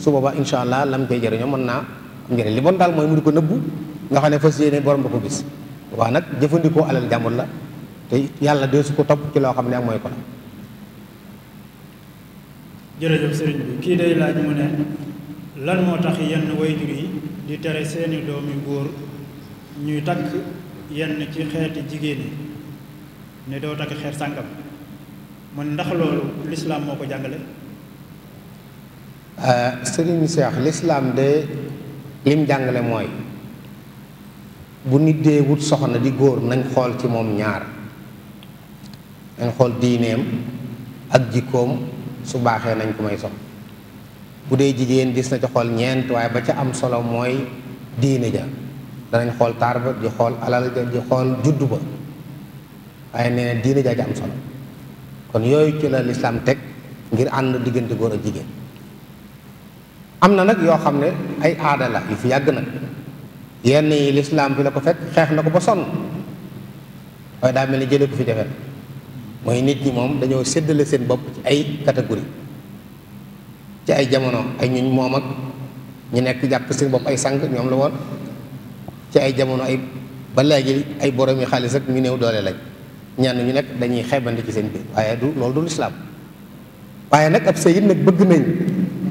su boobaa incha allah lam koy jëriñoo mën naa am njëriñ li bon daal mooy mu di ko nëbbu nga xam ne fas yéene borom ba ko gis waa nag jëfandikoo alal jàmbur la te yàlla dee su ko topp ci loo xam ne ak mooy ko la. jërëjëf sëriñ bi kii day laaj ne. lan moo tax yenn wayjur yi di tere seeni doomi góor ñuy takk yenn ci xeeti jigéen yi ne doo takk xeet sàngam man ndax loolu lislaam moo ko jàngale sëriñ euh, Seex lislaam de lim jàngale mooy bu nit dee wut soxna di góor nañ xool ci moom ñaar nañ xool diineem ak jikkoom su baaxee nañ ko may soxna bu dee jigéen gis na ci xool ñeent waaye ba ca am solo mooy diine ja danañ xool taar ba di xool alal ja di xool juddu ba waaye nee na diine ja am solo kon yooyu ci la lislaam teg ngir ànd diggante góor ak jigéen am na nag yoo xam ne ay aada la yu fi yàgg nag yenn yi lislaam fi la ko fekk xeex na ko ba sonn waaye daa mel ni jëlee ko fi jafe mooy nit ñi moom dañoo séddale seen bopp ci ay catégorie ci ay jamono ay ñuñ moom ak ñu nekk jàpp seen bopp ay sang ñoom la woon ci ay jamono ay ba léegi ay borom yi xaalis ak ñu néew doole lañ ñenn ñu nekk dañuy xeebandi seen biir waaye du loolu du lislaam waaye nag ab sëyit nag bëgg nañ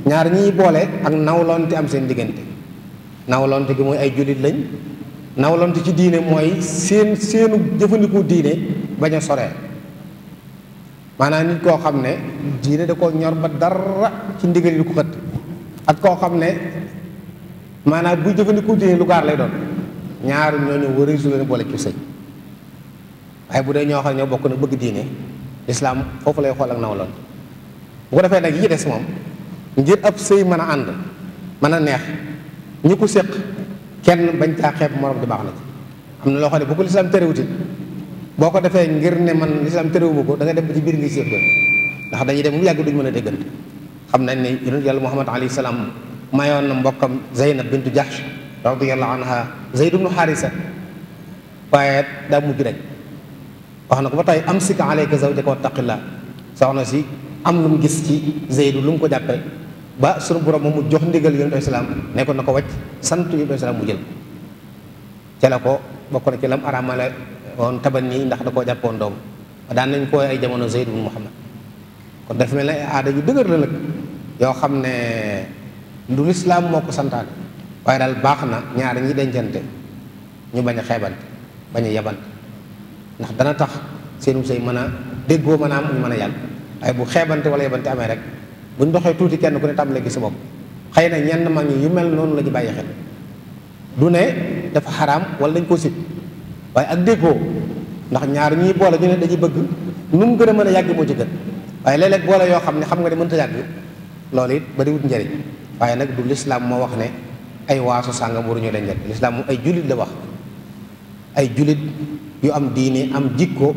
ñaar ñiy boole ak nawlonte am seen diggante nawlonte gi mooy ay jullit lañ nawlonte ci diine mooy seen seenu jëfandikoo diine bañ a soree maanaam nit koo xam ne diine da koo ñor ba dara ci ndigal yi ko xëtt ak koo xam ne maanaam buy jëfandikoo diine lu gaar lay doon ñaar ñooñu wari su leen boole ci sëñ waaye bu dee ñoo xam ne ñoo bokk na bëgg diine lislaam foofu lay xool ak nawloon bu ko defee nag yi des moom ngir ab sëy mën a ànd mën a neex ñi ko séq kenn bañ caa xeeb morom di baax na ci am na loo xam ne bu ko lislaam terewutit boo ko defee ngir ne man lislaam tërëwuma ko da nga dem ba ci biir ngi séddoo ndax dañuy dem mu yàgg duñ mën a déggante xam nañ ne yonent yàlla muhammad alayhi salaam mayoon na mbokkam zeynab bintu jahsh radiyallahu anha zeyd ibnu xaarisa waaye daa mujj rek wax na ko ba tey am sika alayka zawjaka wattaqillah soxna si am lu mu gis ci zeydu lum ko jàppe ba sunu borom moom mu jox ndigal yonent bi islaam ne ko na ko wàcc sant yonent bi islaam mu jël ko bokk na ci lam jàppoon taban nii ndax da koo jàppoon doom daan nañ koo ay jamono Zayd ibn Muhammad kon dafa mel ne aada yu dëgër la nag yoo xam ne du lislaam moo ko santaane waaye daal baax na ñaar ñi dencante ñu bañ a xeebante bañ a yabante ndax dana tax seenu sëy mën a déggoo ma naa am ñu mën a yàlla waaye bu xeebante wala yabante amee rek buñ doxee tuuti kenn ku ne tàmbalee gis sa bopp xëy na ñenn mag ñu yu mel noonu lañu ñu bàyyi xel du ne dafa xaraam wala dañ koo waaye ak déggoo ndax ñaar ñii boole ñu ne dañuy bëgg nu mu mën a yàgg moo ci gën waaye léeg boole yoo xam ne xam nga ne mënta yàgg loolu it bariwut njëriñ waaye nag du lislaam moo wax ne ay waaso sàngam waruñu leen njëriñ lislaam moom ay jullit la wax ay jullit yu am diine am jikko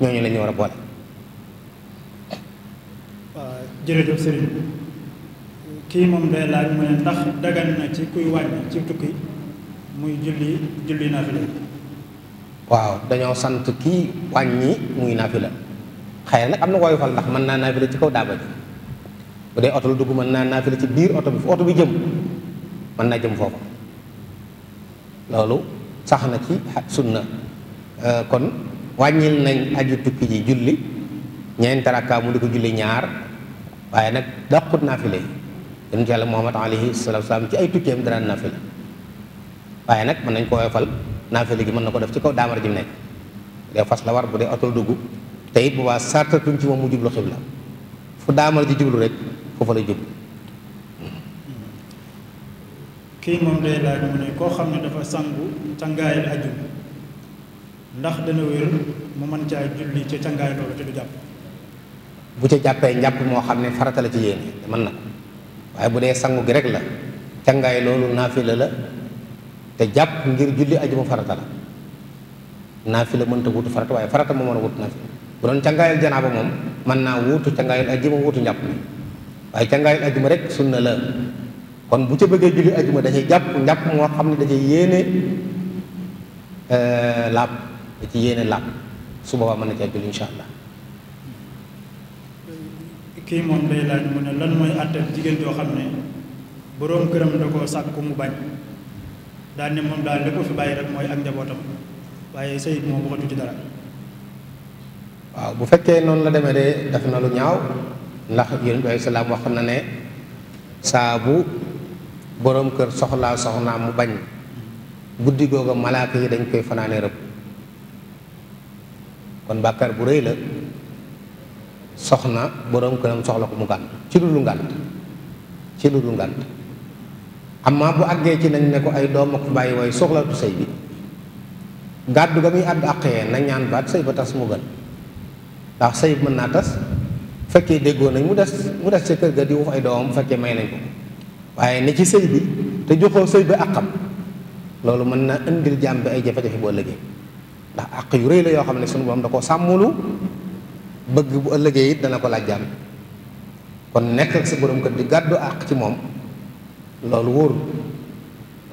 ñooñu la ñu war a boole. waaw jërëjëf sëriñ kii moom day laaj mu ne ndax dagan na ci kuy wàññi ci tukki muy julli julli naa fi waaw dañoo sant kii wàññi muy naafila xëy na nag am na woyofal ndax mën naa naafila ci kaw daaba ji bu dee oto lu dugg mën naa naafila ci biir oto bi fu oto bi jëm mën naa jëm foofu loolu sax na ci sunna euh, kon wàññil nañ aju tukki ji julli ñeenti rakka mu di ko julli ñaar waaye nag dàqut naafila yi yonent yàlla Muhammad alayhi salaatu wa ci ay tukkeem dara naafila waaye nag mën nañ koo woyofal naafila gi mën na ko def ci kaw daamar ji mu nekk bu dee fas la war bu dee oto dugg te it bu baa sartatuñ ci moom mu jublu xibla fu daamar ji jublu rek foofa lay jublu kii moom day laaj mu ne koo xam ne dafa sangu cangaayal aju ndax dana wér mu mën caa julli ca cangaay loolu te du jàpp bu ca jàppee njàpp moo xam ne farata la ci yéene mën na ko waaye bu dee sangu gi rek la cangaay loolu naafila la te jàpp ngir julli ajuma farata la naafila mënta wutu farata waaye farata moo mën a wut naafila bu doon cangaayal janaaba moom mën naa wuutu cangaayal ajuma wuutu njàpp mi waaye cangaayal ajuma rek sunna la kon bu ca bëggee julli ajuma da jàpp njàpp moo xam ne da cay yéene euh, laab da ci yéene laab su boobaa mën na caa julli insha allah kii moom day laaj mu ne lan mooy àttal jigéen joo xam ne boroom këram da koo sàkk mu bañ daan ne moom daal li fi bàyyi rek mooy ak njabootam waaye sëy moom waxatu ci dara. waaw bu fekkee noonu la deme de def na lu ñaaw ndax yonent bi alayhi salaam wax na ne saabu boroom kër soxlaa soxnaa mu bañ guddi googa malaaka yi dañ koy fanaane rëbb kon bàkkaar bu rëy la soxna boroom këram soxla ko mu ngànt ci lu lu ngànt ci lu lu ngànt amma bu àggee ci nañ ne ko ay doom ak bàyyi way soxlaatu sëy bi gàddu ga muy àddu àqee na ñaan baat sëy ba tas mu gën ndax sëy mën naa tas fekkee déggoo nañ mu des mu des ca kër ga di wax ay doomam fekkee may nañ ko waaye ne ci sëy bi te joxoo sëy bi àqam loolu mën na indil jàmb ay jafe-jafe boo ëllëgee ndax àq yu rëy la yoo xam ne suñu borom da koo sàmmulu bëgg bu ëllëgee it dana ko laaj jàmm kon nekk ak sa borom kër di gàddu àq ci moom loolu wóorul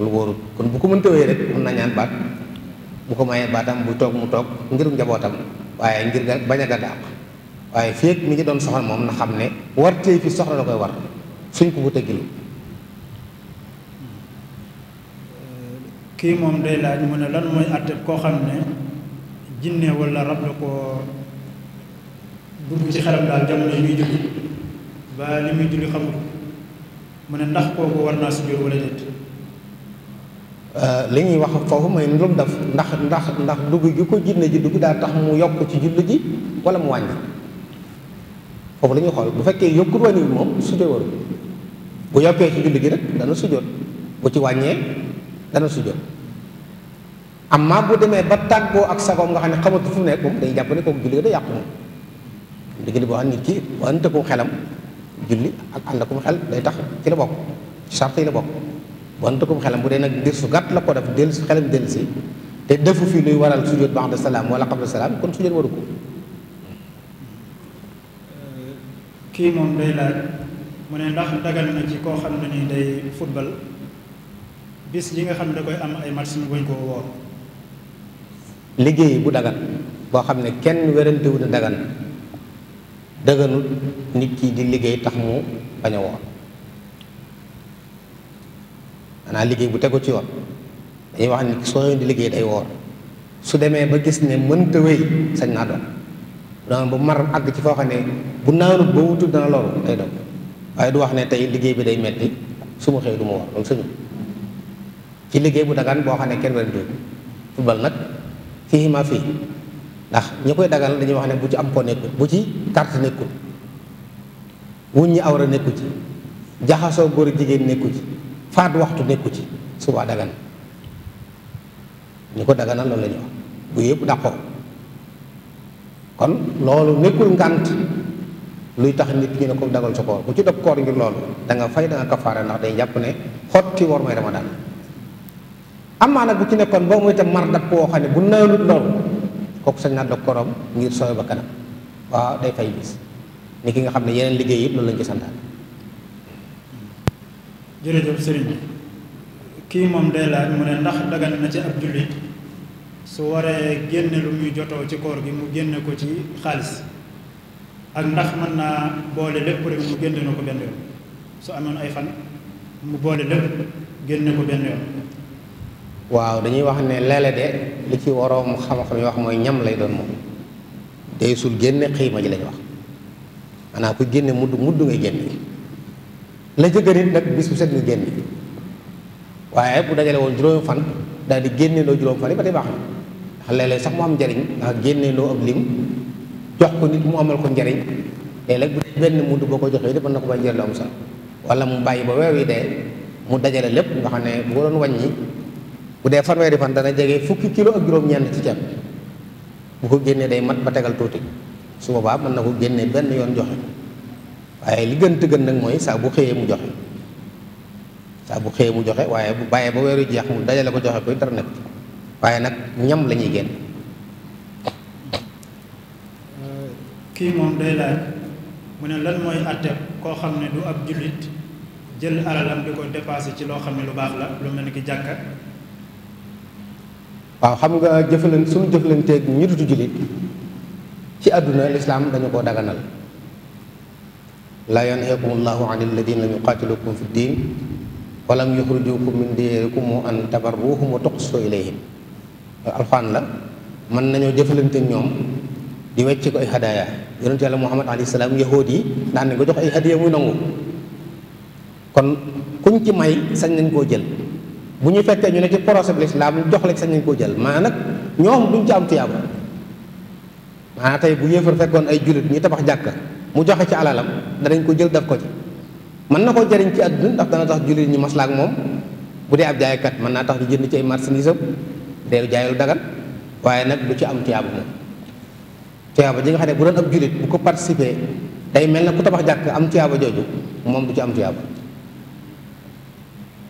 lu wóorul kon bu ko mënta wéy rek mën na ñaan baat bu ko mayee baatam bu toog mu toog ngir njabootam waaye ngir bañ a gàddaaq waaye feek mi ngi doon soxla moom na xam ne wartee fii soxla la koy war suñ ko bu tëggil kii moom day laaj mu ne lan mooy àtte koo xam ne jinne walla rab la koo dugg ci xelam daal jamono yi muy julli ba li muy julli xamul mu ne ndax kooku war naa sujjóot wala déet euh, li ñuy wax foofu mooy lu mu def ndax ndax ndax dugg gi ko jinne ji dugg daa tax mu yokk ci julli ji wala mu wàññi foofu la xool bu fekkee yokkut wàññi bi moom sujjóot waru bu yokkee ci julli gi rek dana sujjóot bu ci wàññee dana sujjóot amma bu demee ba tàggoo ak sagoom nga xam ne xamatu fu mu nekk moom day jàpp ne kooku julli gi da yàqu moom julli gi boo xam nit ki wante ko xelam julli ak ànd akum xel day tax ci la bokk sart yi la bokk bu ànd akum xelam bu dee nag ngir su gàtt la ko def dellu si xelam dellu si te defu fi luy waral sujjóot ba'da salaam wala qabla salaam kon sujjóot waru ko. Euh, kii moom day laaj mu ne ndax dagal na ci koo xam ne ni day football bis yi nga xam ne da koy am ay match ñu bañ koo woor. liggéey bu dagan boo xam ne kenn wérante wu ne dëgënut nit ki di liggéey tax mu bañ a woor maanaa liggéey bu tegu ci yoon dañuy wax nit soo yoon di liggéey day woor su demee ba gis ne mënta wéy sañ naa doon bu mar àgg ci foo xam ne bu naanut ba wutul dana loolu day doon waaye du wax ne tey liggéey bi day metti su ma xëy du ma woor loolu suñu ci liggéey bu dagan boo xam ne kenn ren jóg football nag fii ma fii ndax ñi koy daganal dañuy wax ne bu ci am po nekkul bu ci carte nekkul wuñ ñi awra nekku ci jaxasoo góor jigéen nekku ci faat waxtu nekku ci subaa dagan ñi ko daganal loolu la ñu wax bu yëpp dàqoo kon loolu nekkul ngànt luy tax nit ñu ne ko dagal sa koor bu ci dog koor ngir loolu da nga fay da nga kafaara ndax day jàpp ne xotti war may daal am naa nag bu ci nekkoon boo mooy te mar dab woo xam ne bu naanut loolu kooku sañ naa dog korom ngir sooy ba kanam waaw day fay bis ni ki nga xam ne yeneen liggéey yëpp loolu lañ ci santaan jërëjëf sëriñ kii moom day laaj mu ne ndax dagan na ci ab jullit su waree génne lu muy jotoo ci koor gi mu génne ko ci xaalis ak ndax mën naa boole lépp rek mu génne ko benn yoon su amoon ay fan mu boole lépp génne ko benn yoon waaw dañuy wax ne leele de li ci waroom xam-xam yi wax mooy ñam lay doon moom day sul génne xiima ji lañ wax maanaam ku génne mudd mudd ngay génne la ca gën it nag bis bu set nga génne waaye bu dajalee woon juróom fan daal di génne loo juróom fan yi ba tey baax na ndax léeg sax mu am njariñ ndax génne loo ab lim jox ko nit mu amal ko njariñ léeg-léeg bu dee benn mudd boo ko joxee it na ko bañ njariñ lu am sax wala mu bàyyi ba weer wi dee mu dajale lépp nga xam ne bu ko bu dee fanweeri fan dana jege fukki kilo ak juróom-ñeent ci ceeb bu ko génnee day mat ba tegal tuuti su boobaa mën na ko génnee benn yoon joxe waaye li gën te nag mooy saa bu xëyee mu joxe saa xëyee mu joxe waaye bu bàyyee ba weeru jeex mu dajale ko joxe koy dara nekk waaye nag ñam la ñuy génn. kii moom day laaj mu ne lan mooy àtte koo xam ne du ab jullit jël alalam di ko dépassé ci loo xam ne lu baax la lu mel ki jàkka. waaw xam nga jëfalan suñu jëfalanteeg ñi dutu jullit ci àdduna lislaam dañu ko daganal laa yanhaakum allahu an alladina lam yuqaatilukum fi ddin wa lam yuxrijukum alxaan la mën nañoo jëfalante ñoom di wecc ko ay hadaaya yonent yàlla muhammad alayhi salaam yahood yi daan nañ ko kon kuñ ci may sañ nañ koo jël bu ñu fekkee ñu ne ci procès bi lislaam ñu jox lekk sañ nañ koo jël maanaam nag ñoom duñ ci am tiyaaba maanaam tey bu yéefar fekkoon ay jullit ñu tabax jàkka mu joxe ci alalam danañ ko jël def ko ci mën na ko jëriñ ci àdduna ndax dana tax jullit ñu maslaak moom bu dee ab mën naa tax di jënd ci ay marchandise am dee waaye nag du ci am tiyaaba moom tiyaaba ji nga xam ne bu doon ab jullit bu ko participer day mel na ku tabax jàkk am tiyaaba jooju moom du ci am tiyaaba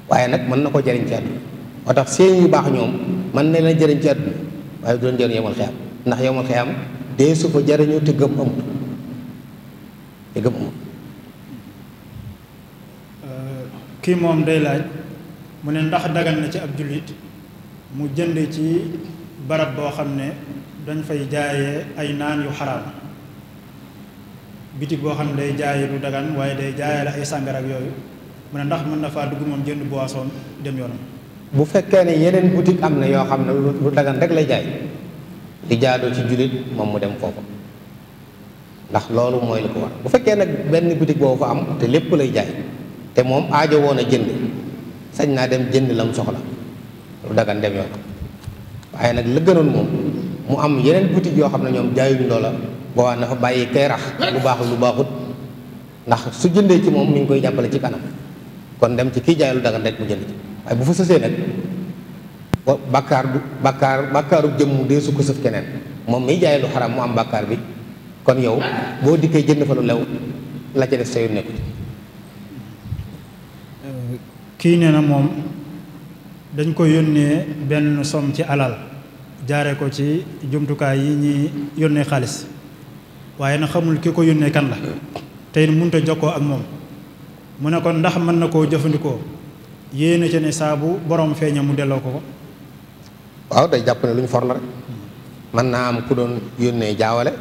waaye nag mën na ko jëriñ ci àdduna moo tax seen yu baax ñoom mën na leen jëriñ ci àdduna waaye du leen jëriñ yomal ndax yomal xiyam dee su fa jëriñu te gëm amut te gëm amut euh, kii moom day laaj mu ne ndax dagan na ci ab jullit mu jënd ci barab boo xam ne dañ fay jaayee ay naan yu xaraam bitig boo xam ne day jaaye lu dagan waaye day jaayee la ay sàngara yooyu mu ne ndax mën na faa dugg moom jënd boisson dem yoonam. bu fekkee ne yeneen boutique am na yoo xam ne lu dagan rek lay jaay li jaadoo ci jullit moom mu dem foofu ndax loolu mooy li ko war bu fekkee nag benn boutique boo fa am te lépp lay jaay te moom aajo woon a jënd sañ naa dem jënd lam soxla lu dagan dem yoon waaye nag la gënoon moom mu am yeneen boutique yoo xam ne ñoom jaayuñ loola boobaa na fa bàyyi kay rax lu baax lu baaxut ndax su jëndee ci moom mi koy jàppale ci kanam kon dem ci kii jaay lu dagan rek mu jënd ci waaye bu fa sësee nag bàkkaar du bàkkaar bàkkaaru jëmm dee su ko sëf keneen moom miy jaay lu xaram mu am bàkkaar bi kon yow boo dikkee jënd fa lu lew la ca def sa yu nekku kii nee na moom dañ ko yónnee benn somme ci alal jaare ko ci jumtukaay yi ñuy yónnee xaalis waaye na xamul ki ko yónnee kan la tey mënut a jokkoo ak moom mu ne kon ndax mën na koo jëfandikoo yéene ca ne saa bu borom feeña mu delloo ko ko waaw day jàpp ne lu ñu for la rek mën naa am ku doon yónnee jaawale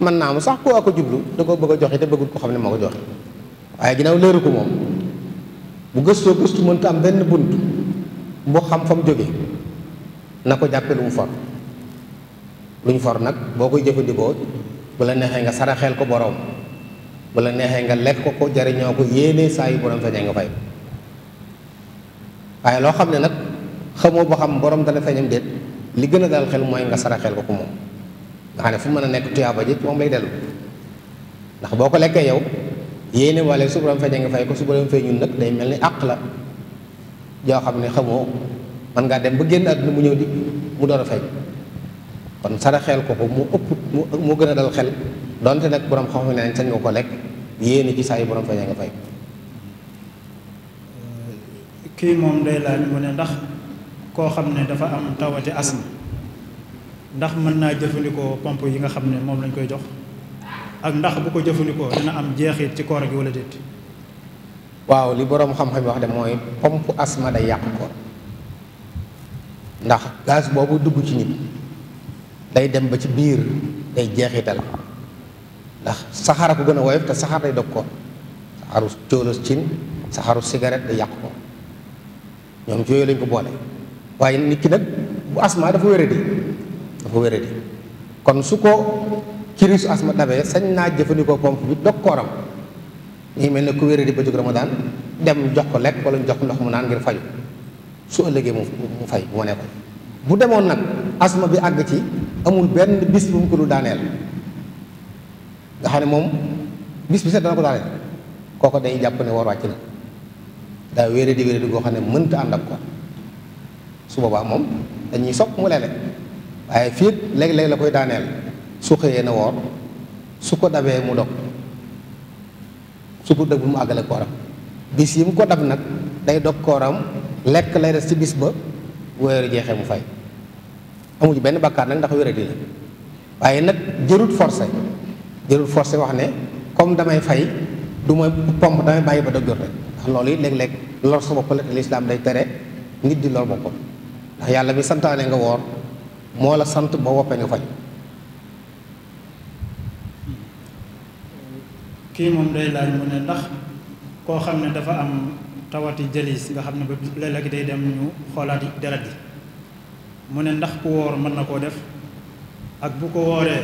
mën naa am sax ku waa ko jublu da koo bëgg a joxe te bëggul ko xam ne moo ko joxe waaye ginnaaw léeru ko moom bu gëstoo gëstu mënta am benn bunt boo xam fa mu jógee na ko jàppe lu mu for lu for nag boo koy jëfandikoo bu la neexee nga saraxeel ko boroom bu la neexee nga lekk ko ko jariñoo ko yéene saa yu borom feeñee nga fay waaye loo xam ne nag xamoo ba xam borom dana feeñam déet li gën a dal xel mooy nga saraxel ko ko moom nga xam ne mën a nekk tuyaaba ji moom lay dellu ndax boo ko lekkee yow yéene wala su borom feeñee nga fay ko su fee ñun nag day mel ni àq la joo xam ne xamoo man ngaa dem ba génn àdduna mu ñëw di mu door a feeñ kon saraxel ko ko mu ëpp mu gën a dal xel donte nag borom xam ne neen sañ nga ko lekk yéene ci saa yi borom fañee nga fay euh, kii moom day laaj mu ne ndax koo xam ne dafa am tawati asma ndax mën naa jëfandikoo pompe yi nga xam ne moom lañ koy jox ak ndax bu ko jëfandikoo dana am jeexit ci koor gi wala déet waaw li boroom xam-xam wax de mooy pomp asma day yàq koor ndax gaz boobu dugg ci nit day dem ba ci biir day jeexital ndax saxaara ko gën a woyof te saxaar day dog ko saxaaru cóolos cin saxaaru cigarette day yàq ko ñoom ci lañ ko boole waaye nit ki nag bu asma dafa wéradi dafa wéradi kon su ko kirisu asma dabee sañ naa jëfandikoo pomp bi dog kooram ngi mel ne ku wéradi ba jóg ramadaan dem jox ko lekk wala jox ndox mu naan ngir faju su ëllëgee mu mu fay bu ma nekkoon bu demoon nag asma bi àgg ci amul benn bis bu mu ko du daaneel nga xam ne moom bis bi set dana ko daane kooko day jàpp ne war wàcc na daa wéere di wéere di goo xam ne mënta ànd ak ko su boobaa moom dañuy sopp mu leele waaye fii léeg-léeg la koy daaneel su xëyee na woor su ko dabee mu dog su ko dëggul àggale kooram bis yi mu ko dab nag day dog kooram lekk lay des ci bis ba wéeru jeexee mu fay amu ci benn bàkkaar nag ndax wéradi la waaye nag jërut forcé jërul forcé wax ne comme damay fay du ma pomp damay bàyyi ba dog jot rek ndax loolu it léeg-léeg lor sa bopp la te lislaam day tere nit di lor boppam ndax yàlla mi santaane nga woor moo la sant boo woppee nga fay kii moom day laaj mu ne ndax koo xam ne dafa am tawati jalis nga xam ne ba léeg-léeg day dem ñu xoolaat deret ji mu ne ndax ku woor mën na koo def ak bu ko wooree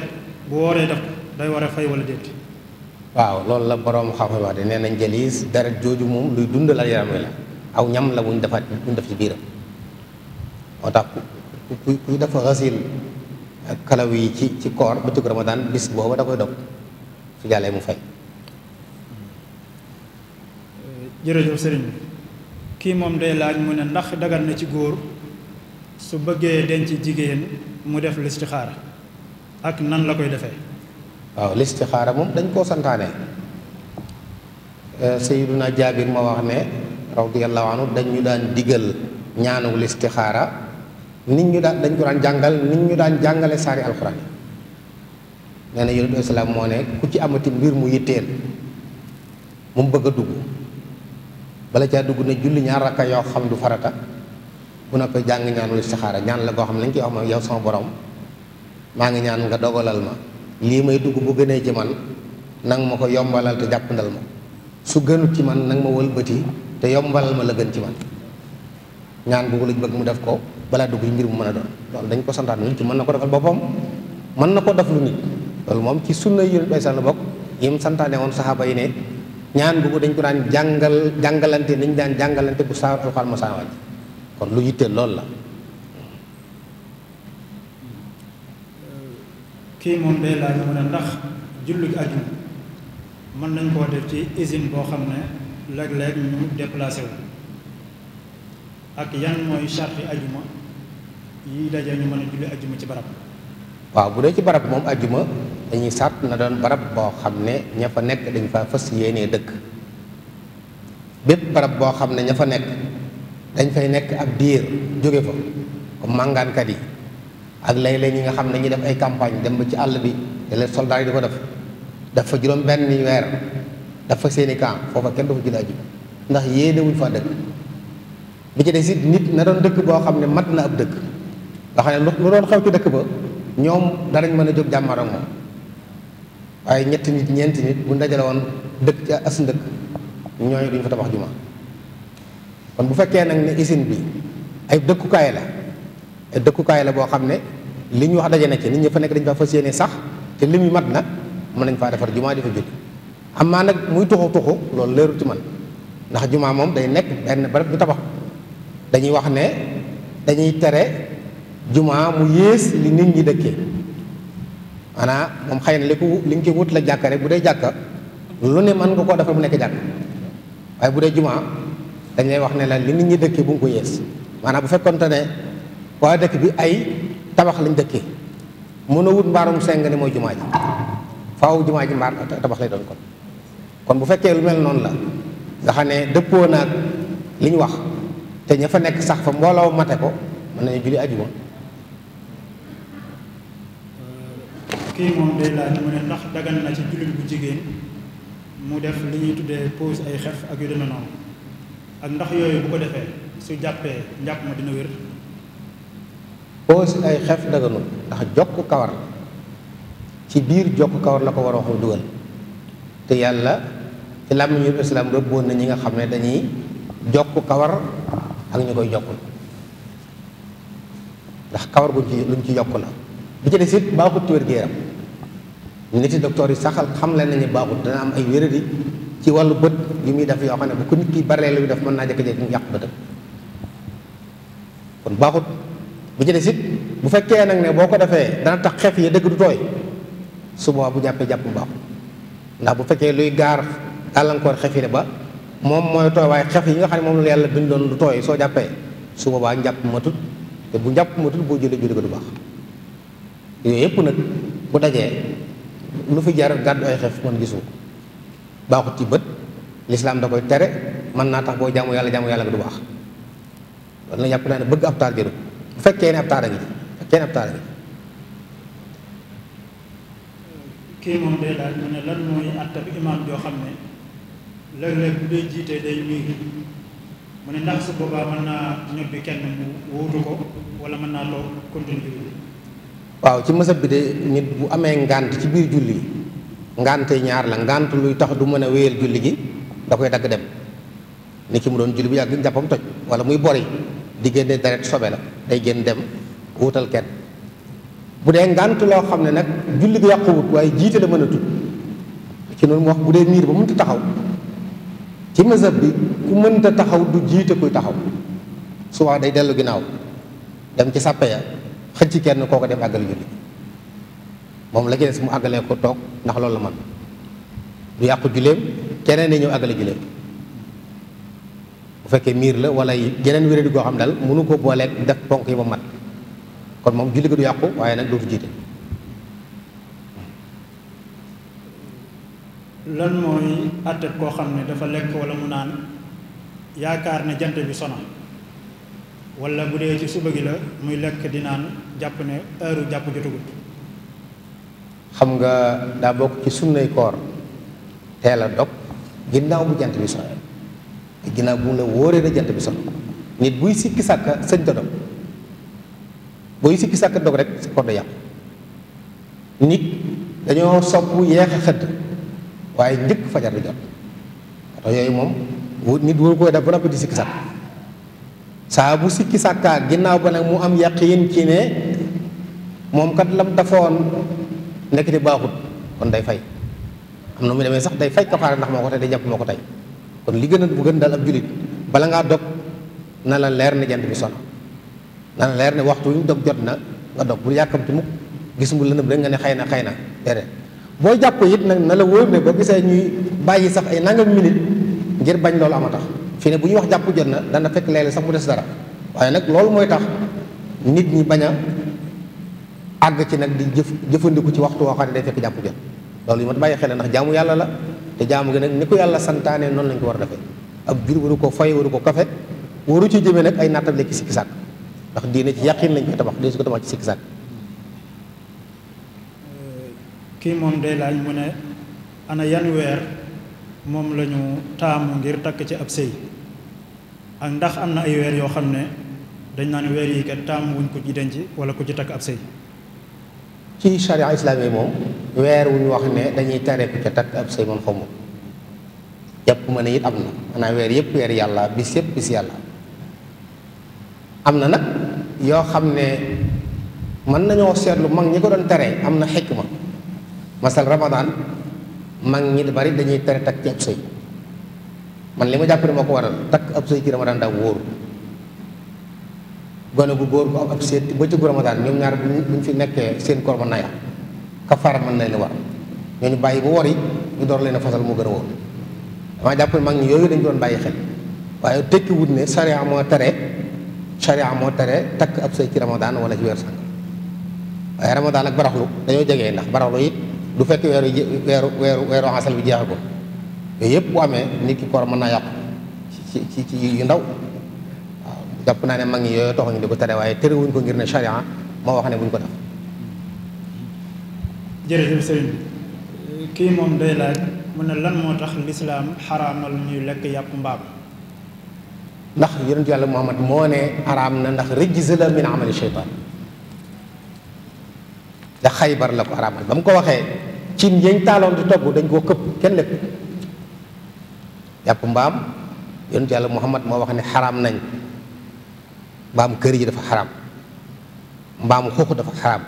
bu wooree def day war a fay wala déet. waaw loolu la borom xam-xam wax de nee nañ jëliis deret jooju moom luy dundal yaram wi la aw ñam la wuñ defaat buñ def ci biiram moo tax ku ku dafa xasil kalaw yi ci ci koor bëccëgu Ramadan bis booba da koy dog su jàllee mu fay. jërëjëf sëriñ bi kii moom day laaj mu ne ndax dagal na ci góor su bëggee denc jigéen mu def listixaar ak nan la koy defee. waaw listixaara moom dañ koo santaane eh, sayiduna jaabir ma wax ne radiallahu anhu dañ ñu daan diggal ñaanu listixaara nit ñu daan dañ ko daan jàngal nit ñu daan jàngale saari alxuraan nee na yonent islam moo ne ku ci amati mbir mu yitteel mu bëgg a dugg bala caa dugg na julli ñaar rakka yoo xam du farata bu na ko jàng ñaanu listixaara ñaan la goo xam ne lañ koy wax yow sama boroom maa ngi ñaan nga dogalal ma lii may dugg bu gënee ci man nang ma ko yombalal te jàppandal ma su gënut ci man nang ma wëlbati te yombalal ma la gën ci man ñaan googu lañ bëgg mu def ko balaa dugg yi mbir mu mën a doon loolu dañ ko santaat nit ci mën na ko defal boppam mën na ko def lu nit moom ci sunna yu bay sànn bokk yim santaane woon saxaaba yi ne ñaan googu dañ ko daan jàngal jàngalante niñ daan jàngalante bu saa alxuraan ma saa wàcc kon lu yitteel loolu la kii moom day laaj mu ne ndax jullit ajum mën nañ koo def ci usine boo xam ne léeg-léeg ñu déplacé ak yan mooy charte ajuma yi daje ñu mën a julli ajuma ci barab. waaw bu dee ci barab moom ajuma dañuy sart na doon barab boo xam ne ña fa nekk dañ fa fas yéenee dëkk bépp barab boo xam ne ña fa nekk dañ fay nekk ak diir jóge fa comme màngaankat yi. ak léeg-léeg ñi nga xam ne ñu def ay campagne dem ba ci àll bi leen soldats yi di ko def fa juróom benn weer dafa seeni kaam foofa kenn dafa julaa ji ndax yéene wuñ fa dëkk bi ci des it nit na dëkk boo xam ne mat na ab dëkk nga xam ne doon xew dëkk ba ñoom danañ mën a jóg jàmmar waaye ñetti nit ñeenti nit bu ndajale woon dëkk ci as ñooñu duñ fa tabax juma kon bu fekkee nag ne usine bi ay dëkkukaay la dëkkukaay la boo xam ne li ñu wax daje na ci nit ñi fa nekk dañ faa fas yéene sax te lim yu mat na mën nañ faa defar jumaa di fa julli am maa nag muy tuxu tuxu loolu leerul ci man ndax jumaa moom day nekk benn barab ñu tabax dañuy wax ne dañuy tere jumaa mu yées li nit ñi dëkkee maanaam moom xëy na li ko li nga koy wut la jàkka rek bu dee jàkka lu ne mën nga koo defar mu nekk jàkka waaye bu dee jumaa dañ lay wax ne la li nit ñi dëkkee bu nga ko yées maanaam bu fekkonte ne waa dëkk bi ay tabax lañ dëkkee mën a wut mbaarum seng ne mooy jumaa ji faaw jumaa ji mbaar tabax lay doon kon kon bu fekkee lu mel noonu la nga xam ne dëppoo naag li ñu wax te ña fa nekk sax fa mbooloo mate ko mën nañu julli ajuma kii moom day laaj mu ne ndax dagan na ci jullit bu jigéen mu def li ñuy tuddee pose ay xef ak yu demee noonu ak ndax yooyu bu ko defee su jàppee njàpp ma dina wér si ay xef daganul ndax jokk kawar ci biir jokk kawar la ko war a wax dugal te yàlla ci làmmiñu islaam rëbboon na ñi nga xam ne dañuy jokk kawar ak ñu koy jokkul ndax kawar guñ ci luñ ci yokk la bi ci des it baaxut ci wér yaram nit yi docteur yi saxal xam leen nañu baaxut dana am ay wéradi ci wàllu bët yu muy def yoo xam ne bu ko nit ki baree lu muy def mën naa jékki-jékki mu yàq bëtam kon baaxut bu ci sit bu fekkee nag ne boo ko defee dana tax xef yi dëgg du tooy su boobaa bu jàppee jàpp mbaaxu ndax bu fekkee luy gaar àllankoor xef ba moom mooy tooy waaye xef yi nga xam ne moom la yàlla bindoon du tooy soo jàppee su boobaa njàpp matut te bu njàpp matut boo julli julli ko du baax yooyu yëpp nag bu dajee lu fi jar gàddu ay xef man gisu baaxut ci bët lislaam da koy tere mën naa tax boo jaamu yàlla jaamu yàlla nga du baax wala yàpp naa ne bëgg ab taar bu fekkee ne ab ne ab taara ngi kii moom day laaj mu ne lan mooy àttab imaam joo xam ne léeg-léeg bu dee jiitee day ñuy mu ne ndax su boobaa mën naa ñobbi kenn mu wóotu ko wala mën naa toog continuer waaw ci mësab bi de nit bu amee ngànt ci biir julli ngànte ñaar la ngànt luy tax du mën a wéyal julli gi da koy dagg dem ni ki mu doon julli bu yàgg jàppam toj wala muy bori di génne deret sobe la day génn dem wutal kenn bu dee ngànt loo xam ne nag julli gi yàquwut waaye jiite la mën a tudd ci noonu mu wax bu dee miir ba mun taxaw ci mazhab bi ku mënta taxaw du jiite kuy taxaw suba day dellu ginnaaw dem ci sàppe ya xëcc kenn koo ko dem àggal julli moom la ci des mu àggalee ko toog ndax loolu la man du yàqu julleem keneen ne ñëw àggale julleem fekkee miir la wala jeneen wéradi koo xam daal mënu koo booleeg def ponk yi ba mat kon moom julli ko du yàqu waaye nag dootu jiite lan mooy àtteeb koo xam ne dafa lekk wala mu naan yaakaar ne jant bi sono wala bu dee ci suba gi la muy lekk di naan jàpp ne heure jàpp jotagut xam nga daa bokk ci sunnay koor teel a dog ginnaaw bu jant bi sono ginnaaw bu mu la wóoree na jant bi sox nit buy sikki sàkka sëñ ta dog buy sikki sàkka dog rek sa koor da yàqu nit dañoo sopp yeex a xëdd waaye njëkk fajar bi jot tax yooyu moom nit wóor koy def ba di sikki sàkk saa bu sikki sàkkaa ginnaaw ba nag mu am yàq yin ci ne moom kat lam dafoon nekk di baaxut kon day fay am na mu demee sax day fay kafaara ndax moo ko tey day jàpp moo ko tey kon li gën a bu gën daal ab jullit bala ngaa dog na la leer ne jant bi sono na la leer ne waxtu wi dog jot na nga dog bu yàkkamti mukk gis mu lëndëm rek nga ne xëy na xëy na boo jàpp it nag na la wóor ne boo gisee ñuy bàyyi sax ay nangam minute ngir bañ loolu ama tax fii ne bu ñuy wax jàpp jot na dana fekk léeg-léeg sax mu des dara waaye nag loolu mooy tax nit ñi bañ a àgg ci nag di jëf jëfandiku ci waxtu woo xam ne day fekk jàpp jot loolu yu mat bàyyi ndax jaamu yàlla la te jaamu gi nag ni ko yàlla santaane noonu lañ ko war a defee ab jur waru ko fay waru ko kafe waru ci jëmee nag ay nattable ki sikki sàkk ndax diine ci yàqin lañ koy ko tabax ci sikki sàkk kii moom day laaj mu ne ana yan weer moom lañu ñu taamu ngir takk ci ab sëy ak ndax am na ay weer yoo xam ne dañ naan weer yi kat taamu wuñ ko ci denc wala ko ci takk ab sëy ci charia islaam yi moom weer wu ñu wax ne dañuy tere ku ca takk ab sëy moom jàpp ma ne it yëpp weer yàlla bis yëpp bis am na nag yoo xam ne mën nañoo seetlu mag ñi ko doon tere am na xekk xikma masal ramadan mag ñi bari dañuy tere takk ci ab sëy man li ma jàpp ne moo ko waral takk ab sëy ci ramadan daa wóoru gone gu góor gu am ab seet ba bëccëgu ramadaan ñoom ñaar bu ñu fi nekkee seen koor mën na yàqu kafaara mën na leen war ñu bàyyi bu war yi ñu door leen a fasal moo gën a wóor damaa jàpp mag ñi yooyu dañu doon bàyyi xel waaye tekki ne sariya moo tere sariya moo tere takk ak sëy ci ramadaan wala ci weer sànq waaye ramadaan ak baraxlu dañoo jege ndax baraxlu it du fekk weeru weeru weeru weeru asal bi ko yooyu yëpp bu amee nit ki koor mën naa yàqu ci ci yu ndaw jàpp naa ne mag ñi yooyu taxuñu di ko tere waaye terewuñ ko ngir ne charia moo wax ne buñ ko def. jërëjëf sëriñ bi kii moom day laaj mu ne lan moo tax lislaam xaraamal ñuy lekk yàpp mbaam. ndax yonent yàlla Muhammad moo ne araam na ndax rijs la min amali sheytaan da xaybar la ko araamal ba ko waxee cin yañ taaloon di dañ koo këpp kenn lekk yàpp mbaam yonent yàlla Muhammad moo wax ne xaraam nañ. mbaam kër gi dafa xaram mbaam xuux dafa xaraam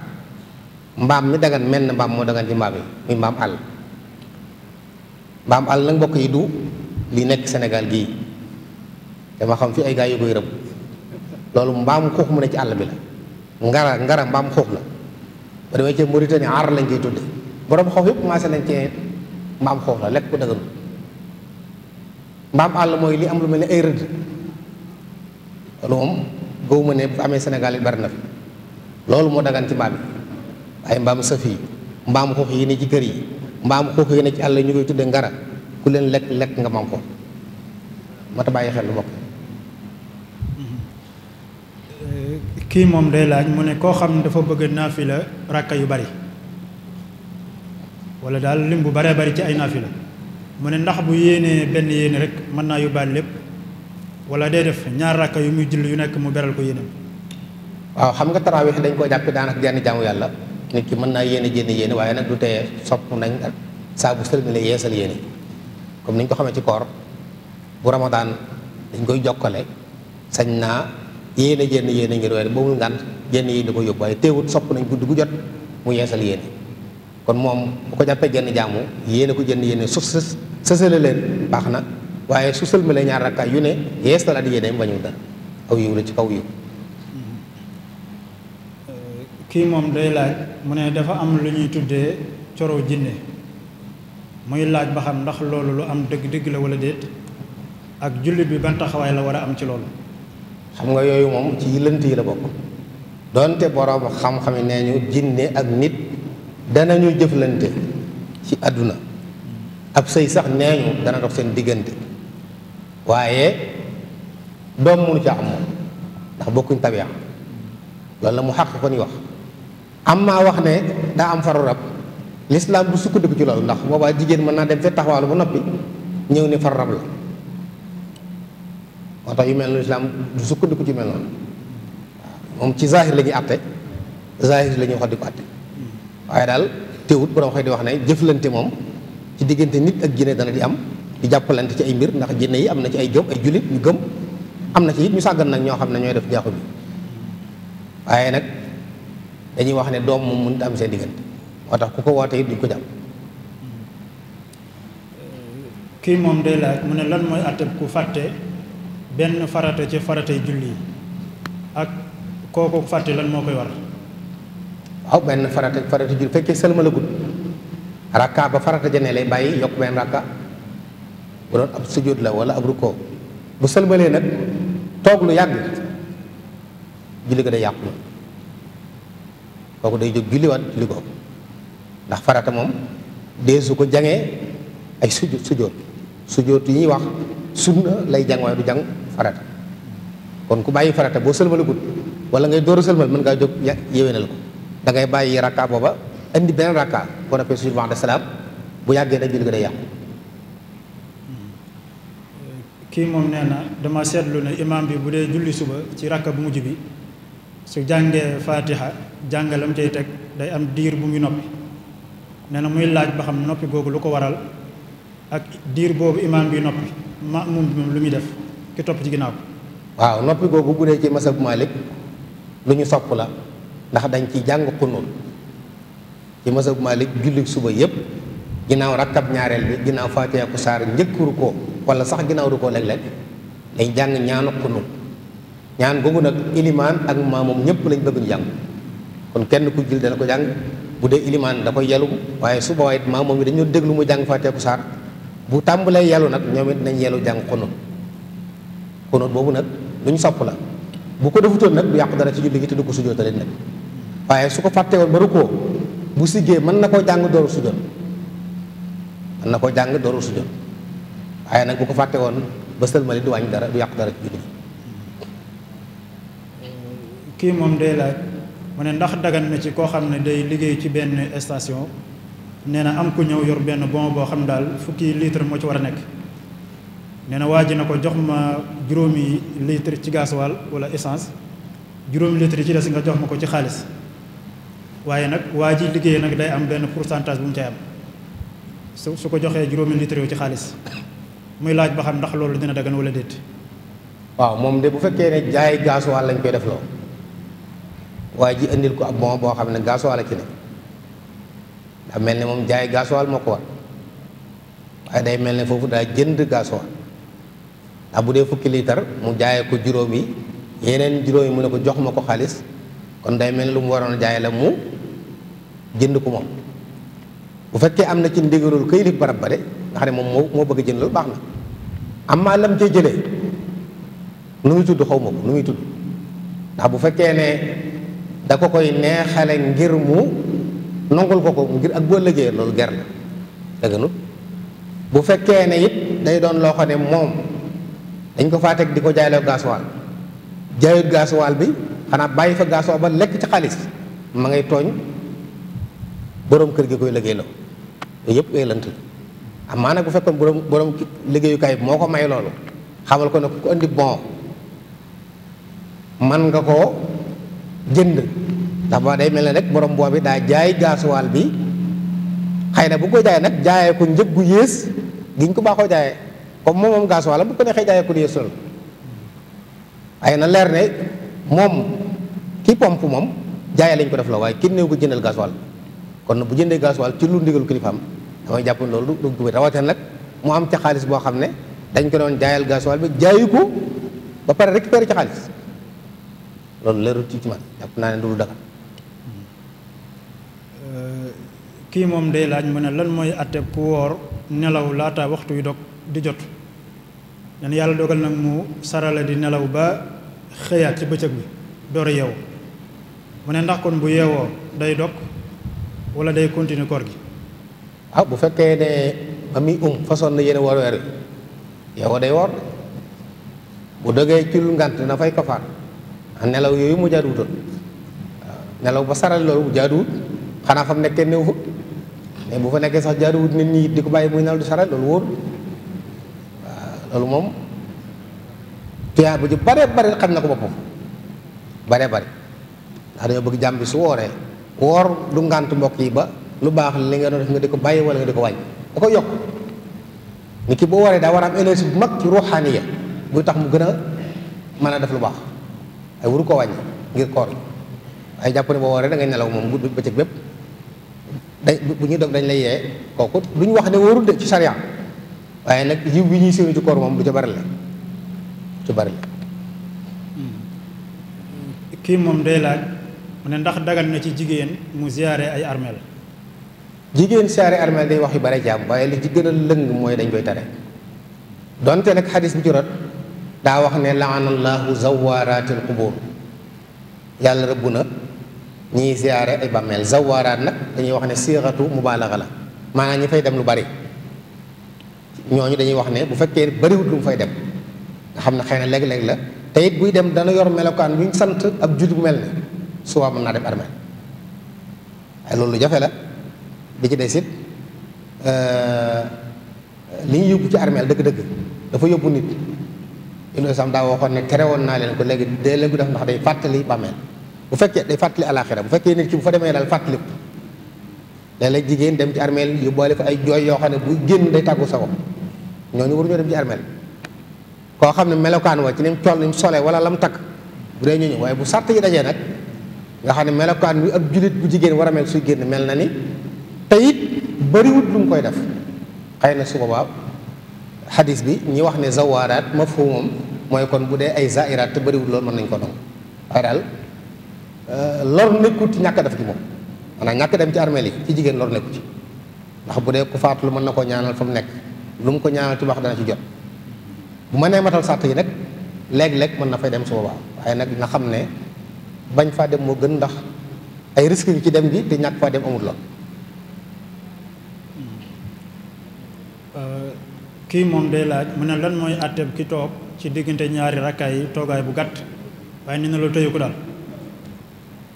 mbaam mi dagan mel na mbaam moo dagan ci mbaam yi muy mbaam àll mbaam àll nag mbokk yi du nekk Sénégal gii dama xam fi ay gaa yu koy rëbb mbaam xuux mu ci àll bi la ngara ngara mbaam xuux la ba demee lañ koy tudde borom xoox yëpp nañ ci mbaam xuux la lekk ko daganu mbaam àll mooy li am lu mel ni ay rëdd loolu moom góob ma ne bu amee Sénégal it bari na fi loolu moo dagan ci mbaam yi waaye mbaam saf yi mbaam xuux yi ne ci kër yi mbaam xuux yi ne ci àll ñu koy tudde ngara ku leen lekk lekk nga man ko mata bàyyi xel lu bokk euh, kii moom day laaj mu ne koo xam ne dafa bëgg naafila rakka yu bari wala daal lim bu baree bari ci ay naafila mu ne ndax bu yéenee benn yéene rek mën naa yóbbaale lépp wala day def ñaar rakka yu muy julli yu nekk mu beral ko yéenam waaw xam nga tarawih dañ koo daan ak genn jaamu yàlla nit ki mën naa yéene jénn yéene waaye nag du teye sopp nañ ak saa bu sëlmale yeesal yéene comme ni ko xamee ci koor bu ramadaan dañ koy jokkale sañ naa yéene jénn yéene ngir weer boobul ngànt jenn yi da ko yóbbu waaye teewut nañ guddi gu jot mu yeesal yéene kon moom bu ko jàppee jenn jaamu yéene ko jënn yéene suuf sës sësale leen baax na waaye su sëlmalee ñaar rakkaay yu ne yees talaata yéene am bañu dara aw yiw la ci kaw yiw kii moom day laaj mu ne dafa am lu ñuy tuddee coro jinne muy laaj ba xam ndax loolu lu am dëgg-dëgg la wala déet ak jullit bi ban taxawaay la war a am ci loolu. xam nga yooyu moom ci lënt yi la bokk donte borom xam-xam nee ñu jinne ak nit danañu jëflante ci àdduna ab sëy sax nee ñu dana dox seen diggante. waaye doom mënu ca am moom ndax bokkuñ tabiya loolu la mu xàq ko ni wax am maa wax ne daa am faru rab lislaam bu sukkandiku ci loolu ndax boobaa jigéen mën naa dem fe taxawaalu ba noppi ñëw ni faru rab la moo tax yu mel noonu lislaam du sukkandiku ci mel noonu waaw moom ci zahir la ñuy atte zahir la wax di ko atte waaye daal teewut borom xëy di wax ne jëflante moom ci diggante nit ak jinne dana di am di jàppalante ci ay mbir ndax jinne yi am na ci ay jóg ay jullit ñu gëm am na ci it ñu sàggan nag ñoo xam ne ñooy def jaaxu bi waaye nag dañuy wax ne doom moom mënut am seen diggante moo tax ku ko woote it duñ ko jàpp. kii moom day laaj mu ne lan mooy àtteeb ku fàtte benn farata ci faratay julli ak kooku fàtte lan moo koy war. waaw benn farata farata julli fekkee sëlma la gudd rakka ba farata ja lay bàyyi yokk benn rakka. bu doon ab sujjóot la wala ab rukkoo bu sëlmalee nag toog lu yàgg julli ko day yàqu na kooku day jóg julliwaat julli ko ndax farata moom dee su ko jangee ay suju sujjóot sujjóot yi ñuy wax sunna lay jang waaye du jang farata kon ku bàyyi farata boo sëlmalagut wala ngay door a sëlmal mën ngaa jóg yéwénal ko da ngay bàyyi rakka booba indi beneen rakka boo defee sujjóot wax de salaam bu yàggee nag julli ko day yàqu kii moom nee na dama seetlu ne imaam bi bu dee julli suba ci rakka bu mujj bi su jàngee fatiha jàngalam cay teg day am diir bu muy noppi nee na muy laaj ba xam noppi googu lu ko waral ak diir boobu imaam bi noppi maamum bi moom lu muy def ki topp ci ginnaaw waaw noppi googu bu ci masab Malik lu ñu sopp la ndax dañ ci jàng xunóol ci masab Malik julli suba yépp ginnaaw rakkab ñaareel bi ginnaaw fatiha saar njëkkuru ko wala sax ginnaaw du koo léeg-léeg day jàng ñaanu xunut ñaan googu nag ilimaan ak maamoom ñëpp lañ bëgg ñu jàng kon kenn ku jil dana ko jàng bu dee ilimaan da koy yalu waaye su waaye maamoom yi dañoo déglu mu jàng fàtteeku saar bu tàmbalee yalu nag ñoom nañ yelu jàng xunut xunut boobu nag luñ sopp la bu ko defutoon nag du yàqu dara ci julli gi te du ko sujjootaleen nag waaye su ko woon ba rukkoo bu siggee man na koo jàng dooru sujjoot na koo jàng dooru waaye nag bu ko fàtte woon ba sëlmali du wàññi dara du yàq dara kii moom day laaj mu ne ndax dagan na ci koo xam ne day liggéey ci benn station nee na am ku ñëw yor benn bon boo xam daal fukki litre moo ci war a nekk nee na waa ji na ko jox ma juróomi litre ci gasoil wala essence juróomi yi ci des nga jox ma ko ci xaalis waaye nag waa ji liggéey nag day am benn pourcentage bu mu cay am su su ko joxee juróomi litre yow ci xaalis muy laaj ba xam ndax loolu dina dagan wala déet. waaw moom de bu fekkee ne jaay gaasuwaal lañ koy def loo waaye ji indil ko ab bon boo xam ne gaasuwaal a ci ne daa mel ne moom jaay gaasuwaal moo ko war waaye day mel ne foofu daa jënd gaasuwaal ndax bu dee fukki liitar mu jaaye ko juróom yi yeneen juróom yi mu ne ko jox ma ko xaalis kon day mel ne lu mu waroon jaay la mu jënd ko moom bu fekkee am na ci ndigalul këyilif barab ba de nga ne moom moo bëgg jënd loolu am maa lam cee jëlee nu muy tudd xaw ma ko nu muy tudd ndax bu fekkee ne da ko koy neexale ngir mu nongul ko ko ngir ak boo liggéey loolu ger la dëgganut bu fekkee ne it day doon loo xam ne moom dañ ko faa teg di ko jaayloo gasoil jaayut gasoil bi xanaa bàyyi fa gasoil ba lekk ci xaalis ma ngay tooñ boroom kër gi koy liggéey la yooyu yëpp weelante la amaa nag bu fekkoon borom borom liggéeyukaay moo ko may loolu xamal ko ne ku andi bon man nga koo jënd ndax ba day mel ne rek borom boo bi daa jaay gaasuwaal bi xëy na bu ko jaayee nag jaayee ko njëg gu yées giñ ko baaxoo jaayee comme moom moom gaasuwaal bu ko neexee jaayee ko na leer ne moom moom jaayee lañ ko def la waaye kenn néew ko jëndal gaasuwaal kon bu jëndee gaasuwaal ci lu ndigal kilifaam damay jàpp loolu du du rawatina nag mu am ci xaalis boo xam ne dañ ko doon jaayal gasoil bi jaayu ko ba pare récupéré ci xaalis loolu leerul ci ci man jàpp naa ne du lu dagal euh, kii moom day laaj mu ne lan mooy atte ku nelaw laata waxtu yu dog di jot dan yàlla dogal nag mu sarala di nelaw ba xëyaat ci bëccëg bi door yeewu mu ne ndax kon bu yeewoo day dog wala day continuer koor gi ah bu fekkee ne ba muy um façon na yéen war weer wi yow day wor bu dëggee ci lu ngant na fay kafaan ah, nelaw yooyu mu jaaduwutoon ah, nelaw ba saral loolu bu jaaduwut xanaa fam nekkee néew fa mais bu fa nekkee sax jaaduwut nit ñi di ko bàyyi muy nelaw di saral loolu wóorul ah, loolu moom tuyaa bu ji bare bare xam na ko boppam bare bare ndax dañoo bëgg jàmm su wooree woor du ngant mbokk yi ba lu baax li nga doon nga di ko bàyyi wala nga di ko wàññi da ko yokk nit ki boo waree daa war a am bu mag ci ruuxaaniya bu tax mu gën a mën a def lu baax ay wuru ko wàññi ngir koor yi waaye jàpp boo waree da nelaw moom bu bëccëg bépp dañ bu ñuy dog dañ lay yee kooku lu ñu wax ne wóorul de ci sariya waaye nag yiw bi ñuy séenu ci koor moom du ca bari la ci bari la hmm. kii moom day laaj mu ne ndax dagal na ci jigéen mu ziyaare ay armeel jigéen saari armeel day wax yu bare jàmm waaye li ci gën a lëng mooy dañ koy tere donte nag xadis bi ci rot daa wax ne laanallaahu zawaaraatil qubur yàlla rëbb na ñiy ziare ay bàmmeel zawaaraat nag dañuy wax ne siixatu mubaalaxa la maanaam ñi fay dem lu bari ñooñu dañuy wax ne bu fekkee bariwut lu mu fay dem nga xam ne xëy na léeg-léeg la te buy dem dana yor melokaan bu ñu sant ak jullit bu mel ne suba mën naa dem armeel waaye loolu jafe la bi ci des it euh, li ñu yóbbu ci armeel dëgg-dëgg dafa yóbbu nit indi sam daa waxoon ne tere woon naa leen ko léegi dee léegi def ndax day fàttali bàmmeel bu fekkee day fàttali alaxira bu fekkee nit ki bu fa demee daal fàttali ko léeg-léeg jigéen dem ci armeel yóbbaale fa ay jooy yoo xam ne bu génn day tàggu sa ko ñooñu waruñoo dem ci armeel koo xam ne melokaan wa ci ni mu toll ni wala la mu takk bu dee ñu waaye bu sart yi dajee nag nga xam ne melokaan bi ak jullit bu jigéen war a mel suy génn mel na ni te bariwut bëriwut lu mu koy def xëy na su boobaa xadis bi ñi wax ne zawaaraat ma foo mooy kon bu dee ay zairaat te bëriwut loolu mën nañ ko doon waaye daal euh, lor nekkut ci ñàkk def ci moom maanaam ñàkk dem ci armeel yi jigéen lor nekku ci bu dee ku faatu mën na koo ñaanal fa mu nekk lu mu ko ñaanal ci wax dana ci jot bu ma nee matal sàtt yi nag léeg lekk mën na fay dem su boobaa waaye nag na xam ne bañ faa dem moo gën ndax ay risques yu ci dem bi te ñàkk faa dem amul lool kii moom day laaj mu ne lan mooy àtteeb ki toog ci diggante ñaari rakkaay yi toogaay bu gàtt waaye ni na loolu tëyu ko daal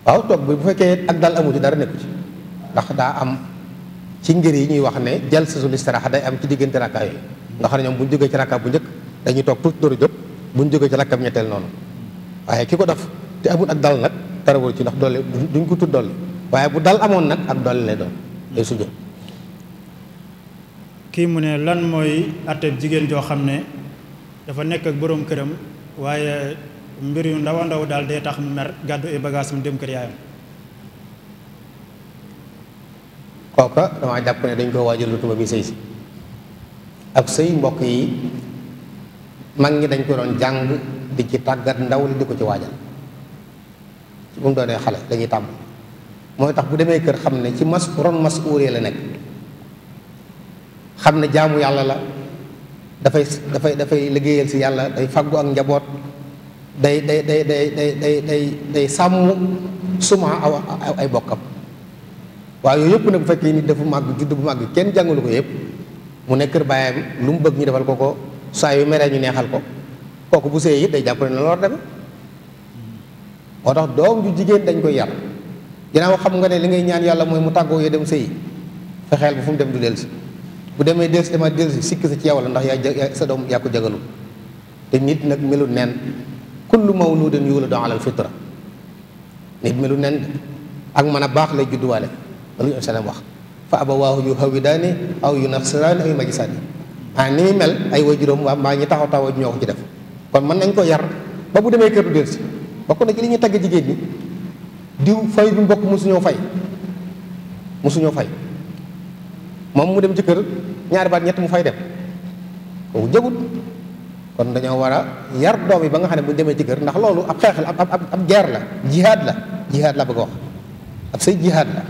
waaw toog bi bu fekkee ak daal amu ci dara nekku ci ndax daa am ci ngir yi ñuy wax ne jalsatul istiraha day am ci diggante rakkaa yooyu nga xam ne ñoom bu ñu jógee ci rakkaa bu njëkk dañuy toog tuuti dóoru jóg bu ñu jógee ci rakkab ñetteel noonu waaye ki ko def te amul ak dal nag dara wër ci ndax doole duñ ko tudd dolli waaye bu dal amoon nag ak doole lay doon day sujjóot kii mu ne lan mooy àtteeb jigéen joo xam ne dafa nekk ak boroom këram waaye mbir yu ndaw ndaw daal day tax mu mer gàddu ay bagages mu dem kër yaayam. kooka damaa jàpp ne dañ ko waajal lu tuba bi sëy si ak sëy mbokk yi mag ñi dañ ko doon jàng di ci tàggat ndaw li di ko ci waajal bu mu doonee xale dañuy tàmm mooy tax bu demee kër xam ne ci mas ron mas uuree la nekk. xam ne jaamu yàlla la dafay dafay dafay liggéeyal si yàlla day faggu ak njaboot day day day day day day sàmm suma aw ay bokkam waaye yooyu yëpp nag bu fekkee nit dafa màgg judd bu màgg kenn jàngalu ko yépp mu nekk kër baayam lu mu bëgg ñu defal ko ko saa yu meree ñu neexal ko kooku bu sëy it day jàpp ne na loolu deme moo tax doom ju jigéen dañ koy yar ginnaaw xam nga ne li ngay ñaan yàlla mooy mu tàggoo yo dem sëy fexeel bi fu mu dem du dellu si bu demee dellusi demaat dellusi sikki sa ci yow la ndax yaa sa doom yaa ko jagalu te nit nag melu nen kullu mawludin yuladu alal fitra nit melu nen ak mën a baax lay judduwaale loolu ñu salaam wax fa abawaahu yu hawidaani aw yu nasraani aw yu majisaani ah ni muy mel ay way juróom waa maa ñi taxaw taxaw ñoo ko ci def kon mën nañ koo yar ba bu demee kër du dellusi bokk na ci li ñuy tagg jigéen ñi diw fay bu mbokk mosuñoo fay mosuñoo fay moom mu dem ci kër ñaari baat ñett mu fay dem kooku jëgut kon dañoo war a yar doom yi ba nga xam ne bu demee ci kër ndax loolu ab xeex la ab ab guerre la jihaad la jihaad la bëgg wax ab say jihaad la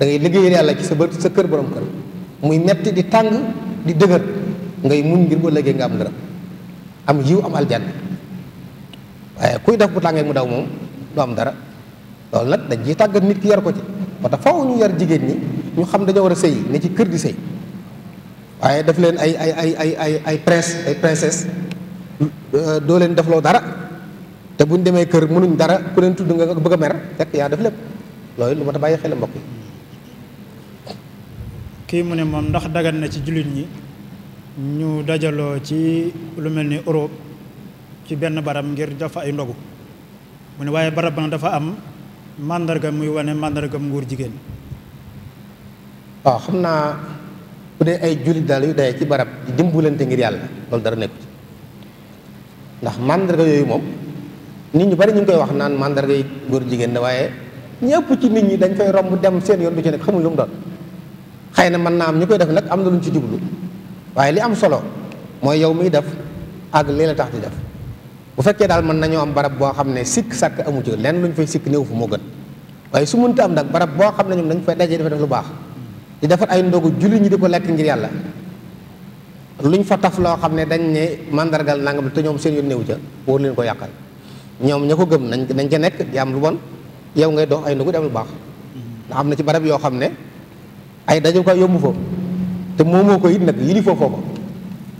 da ngay liggéeyal yàlla ci sa bët sa kër borom kër muy metti di tàng di dëgër ngay muñ ngir bu ëllëgee nga am dara am yiw am aljanna waaye kuy def bu tàngee mu daw moom du dara loolu nag dañ ciy tàggat nit ki yar ko ci moo faw ñu yar jigéen ñi ñu xam dañoo war a sëy ne ci kër di sëy waaye daf leen ay ay ay ay ay ay prince ay princesse euh, doo leen defloo dara te buñ demee kër mënuñ dara ku leen tudd nga bëgg a mer fekk yaa def lépp loolu lu ma ta bàyyi xel mbokk yi kii mu ne moom ndax dagan na ci jullit ñi ñu dajaloo ci lu mel ni Europe ci benn barab ngir dafa ay ndogu mu ne waaye barab ba dafa am màndarga muy wane màndargam nguur jigéen waaw xam naa bu dee ay jullit daal yu dayee ci barab di ngir yàlla loolu dara nekku ci ndax màndarga yooyu moom nit ñu bari ñu ngi koy wax naan màndarga yi góor jigéen la waaye ñëpp ci nit ñi dañ koy romb dem seen yoon du ci nekk xamuñ lu mu doon xëy na mën naa am ñu koy def nag am na luñ ci jublu waaye li am solo mooy yow miy def ak lii la tax di def bu fekkee daal mën nañoo am barab boo xam ne sikk sàkk amu ci lenn luñ fay sikk néew fu moo gën waaye su mënta am nag barab boo xam ne ñoom dañ fay dajee dafa def lu baax di defar ay ndogu jullit ñu di ko lekk ngir yàlla luñ fa taf loo xam ne dañ ne mandargal nangam te ñoom seen yoon néew ca wóor leen ko yàqal ñoom ña ko gëm nañ nañ ca nekk am lu bon yow ngay dox ay ndogu di lu baax am na ci barab yoo xam ne ay dañu ko yomb fa te moomoo ko it nag yili foo foofa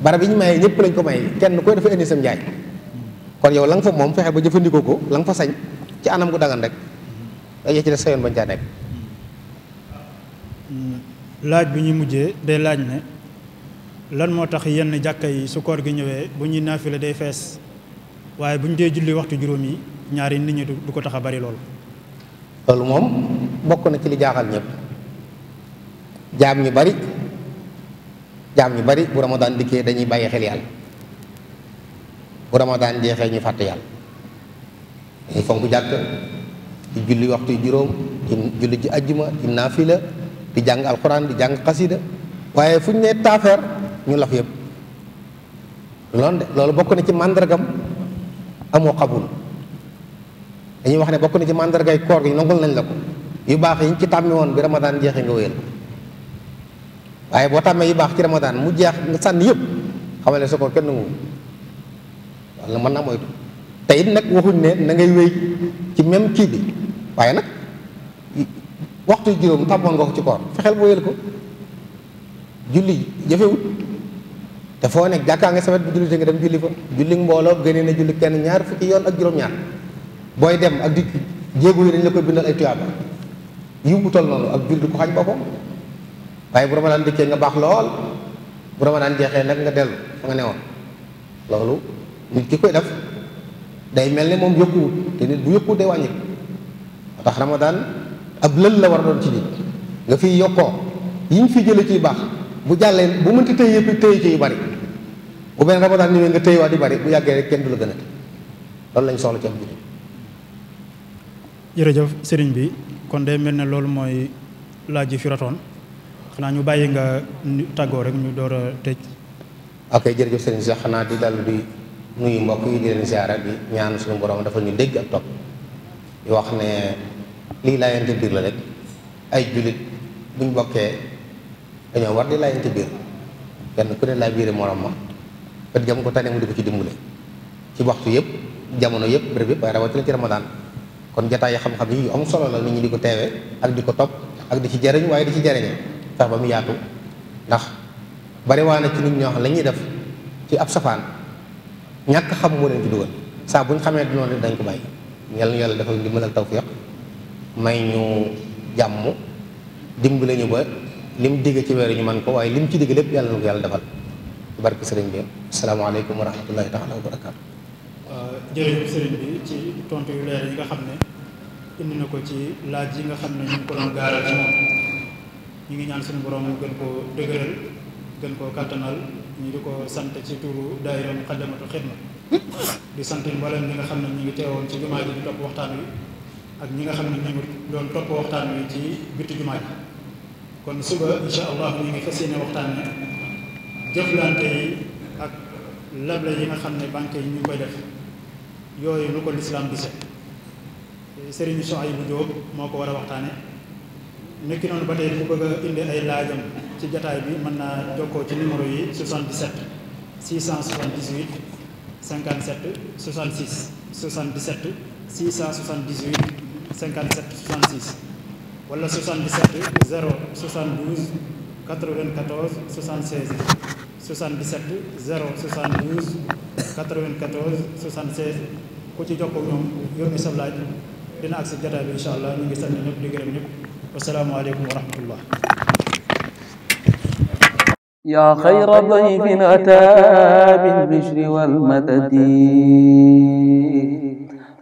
barab yi ñu mayee ñëpp lañ ko maye kenn koy dafa indi sam njaay kon yow la nga fa moom fexe ba jëfandikoo ko la nga fa sañ ci anam gu dagan rek ay ci des sa yoon bañ caa nekk laaj bi ñuy mujjee day laaj ne lan moo tax yenn jàkka yi su koor gi ñëwee bu ñuy naafile day fees waaye bu ñu dee julli waxtu juróom yi ñaari nit ñi du ko tax a bari lool. loolu moom bokk na ci li jaaxal ñëpp jaam ñu bari jaam ñu bari bu ramadaan dikkee dañuy bàyyi xel yàlla bu ramadaan jeexee ñu fàtte yàlla dañuy fonk jàkk di julli waxtu juróom di julli ci ajjuma di naafila di jàng alxuraan di jàng xasida waaye fu ñu nee taafeer ñu laf yëpp loolu de loolu bokk na ci màndargam amoo xabul dañuy wax ne bokk na ci màndargay koor gi nangul nañ la ko yu baax yi ñu ci tàmmi woon bi ramadaan jeexee nga wéyal waaye boo tàmmee yu baax ci ramadaan mu jeex nga sànni yépp xamale sa ko kenn nanguwul wala mën naa moytu te it nag waxuñ ne na ngay wéy ci même kii bi waaye nag waxtu juróom tàmmoon nga ko ci koor fexeel boo yël ko julli jafewut te foo nekk jàkkaa nga sawet bu jullite nga dem julli fa julli mbooloo gënee na julli kenn ñaar fukki yoon ak juróom-ñaar booy dem ak dikk jéego yi dañ la koy bindal ay tuyaaba yiw bu toll noonu ak julli ko xañ boppam waaye bu ramadaan dikkee nga baax lool bu ramadaan jeexee nag nga dellu fa nga woon loolu nit ki koy def day mel ni moom yokkuwut te nit bu yokkuwut day wàññi moo ab lël la war a doon ci nit nga fi yokkoo yiñ fi jële ciy baax bu jàllee bu mënti tëy yëpp tëy ci yu bari bu benn ramadaan ñëwee nga tëy waa di bari bu yàggee rek kenn du la gën lañ soxla ci am jërëjëf sëriñ bi kon day mel ne loolu mooy laaj yi firatoon ratoon xanaa ñu bàyyi nga tàggoo rek ñu door a tëj ok jërëjëf sëriñ si xanaa di dal bi nuyu mbokk yi di leen ziara bi ñaan suñu borom dafa ñu dégg ak topp di wax ne lii laayante biir la rek ay jullit buñ bokkee dañoo war di laayante biir kenn ku ne laa biire morom ma pët jam ko tane mu di ko ci dimbale ci waxtu yëpp jamono yëpp béréb yëpp waaye rawatina ci kon jataay yi xam-xam am solo la nit ñi di ko teewee ak di ko topp ak di ci jariñ waaye di ci jariñe sax ba mu yaatu ndax bari waa na ci nit ñoo xam la def ci ab safaan ñàkk xam moo leen ci dugal saa bu ñu xamee noonu dañ ko bàyyi yàlla na yàlla defal ndimbalal tawfiq may ñu jàmm dimbale ñu ba lim digg ci weer ñu man ko waaye lim ci digg lépp yàlla na ko yàlla defal barke sëriñ bi asalaamaaleykum wa rahmatullahi taala wa barakaatu. Euh, jërëjëf sëriñ bi ci tontu yu leer yi nga xam ne indi na ko ci laaj yi nga xam ne ñu ko doon ñu ngi ñaan suñu borom gën koo dëgëral gën koo kattanal ñu di ko sant ci turu daayira Muqaddamatul Xidma di sant mboolem ñi nga xam ne ñu ngi teewoon ci jumaa ji di topp waxtaan wi. ak ñi nga xam ne ñu doon topp waxtaan wi ci bitti jumaa ji kon suba insha allah ñu ngi fas yéene waxtaan ne jëflante yi ak lable yi nga xam ne banque yi ñu koy def yooyu lu ko lislaam gise Serigne Souhaïbou Diop moo ko war a waxtaane nekki noonu ba tey bu bëgg indi ay laajam ci jataay bi mën naa jokkoo ci numéro yi 77 678 57 66 77 678 57 66 wala 77 0 72 94 76 77 0 72 94 76 ku ci jokkoo ñoom yónni sa laaj dina ak si jotaay bi incha allah ñu ngi sant ñëpp di gërëm ñëpp wasalaamualeykum wa rahmatullah yaa xayra dayfin ataa bil bishri wal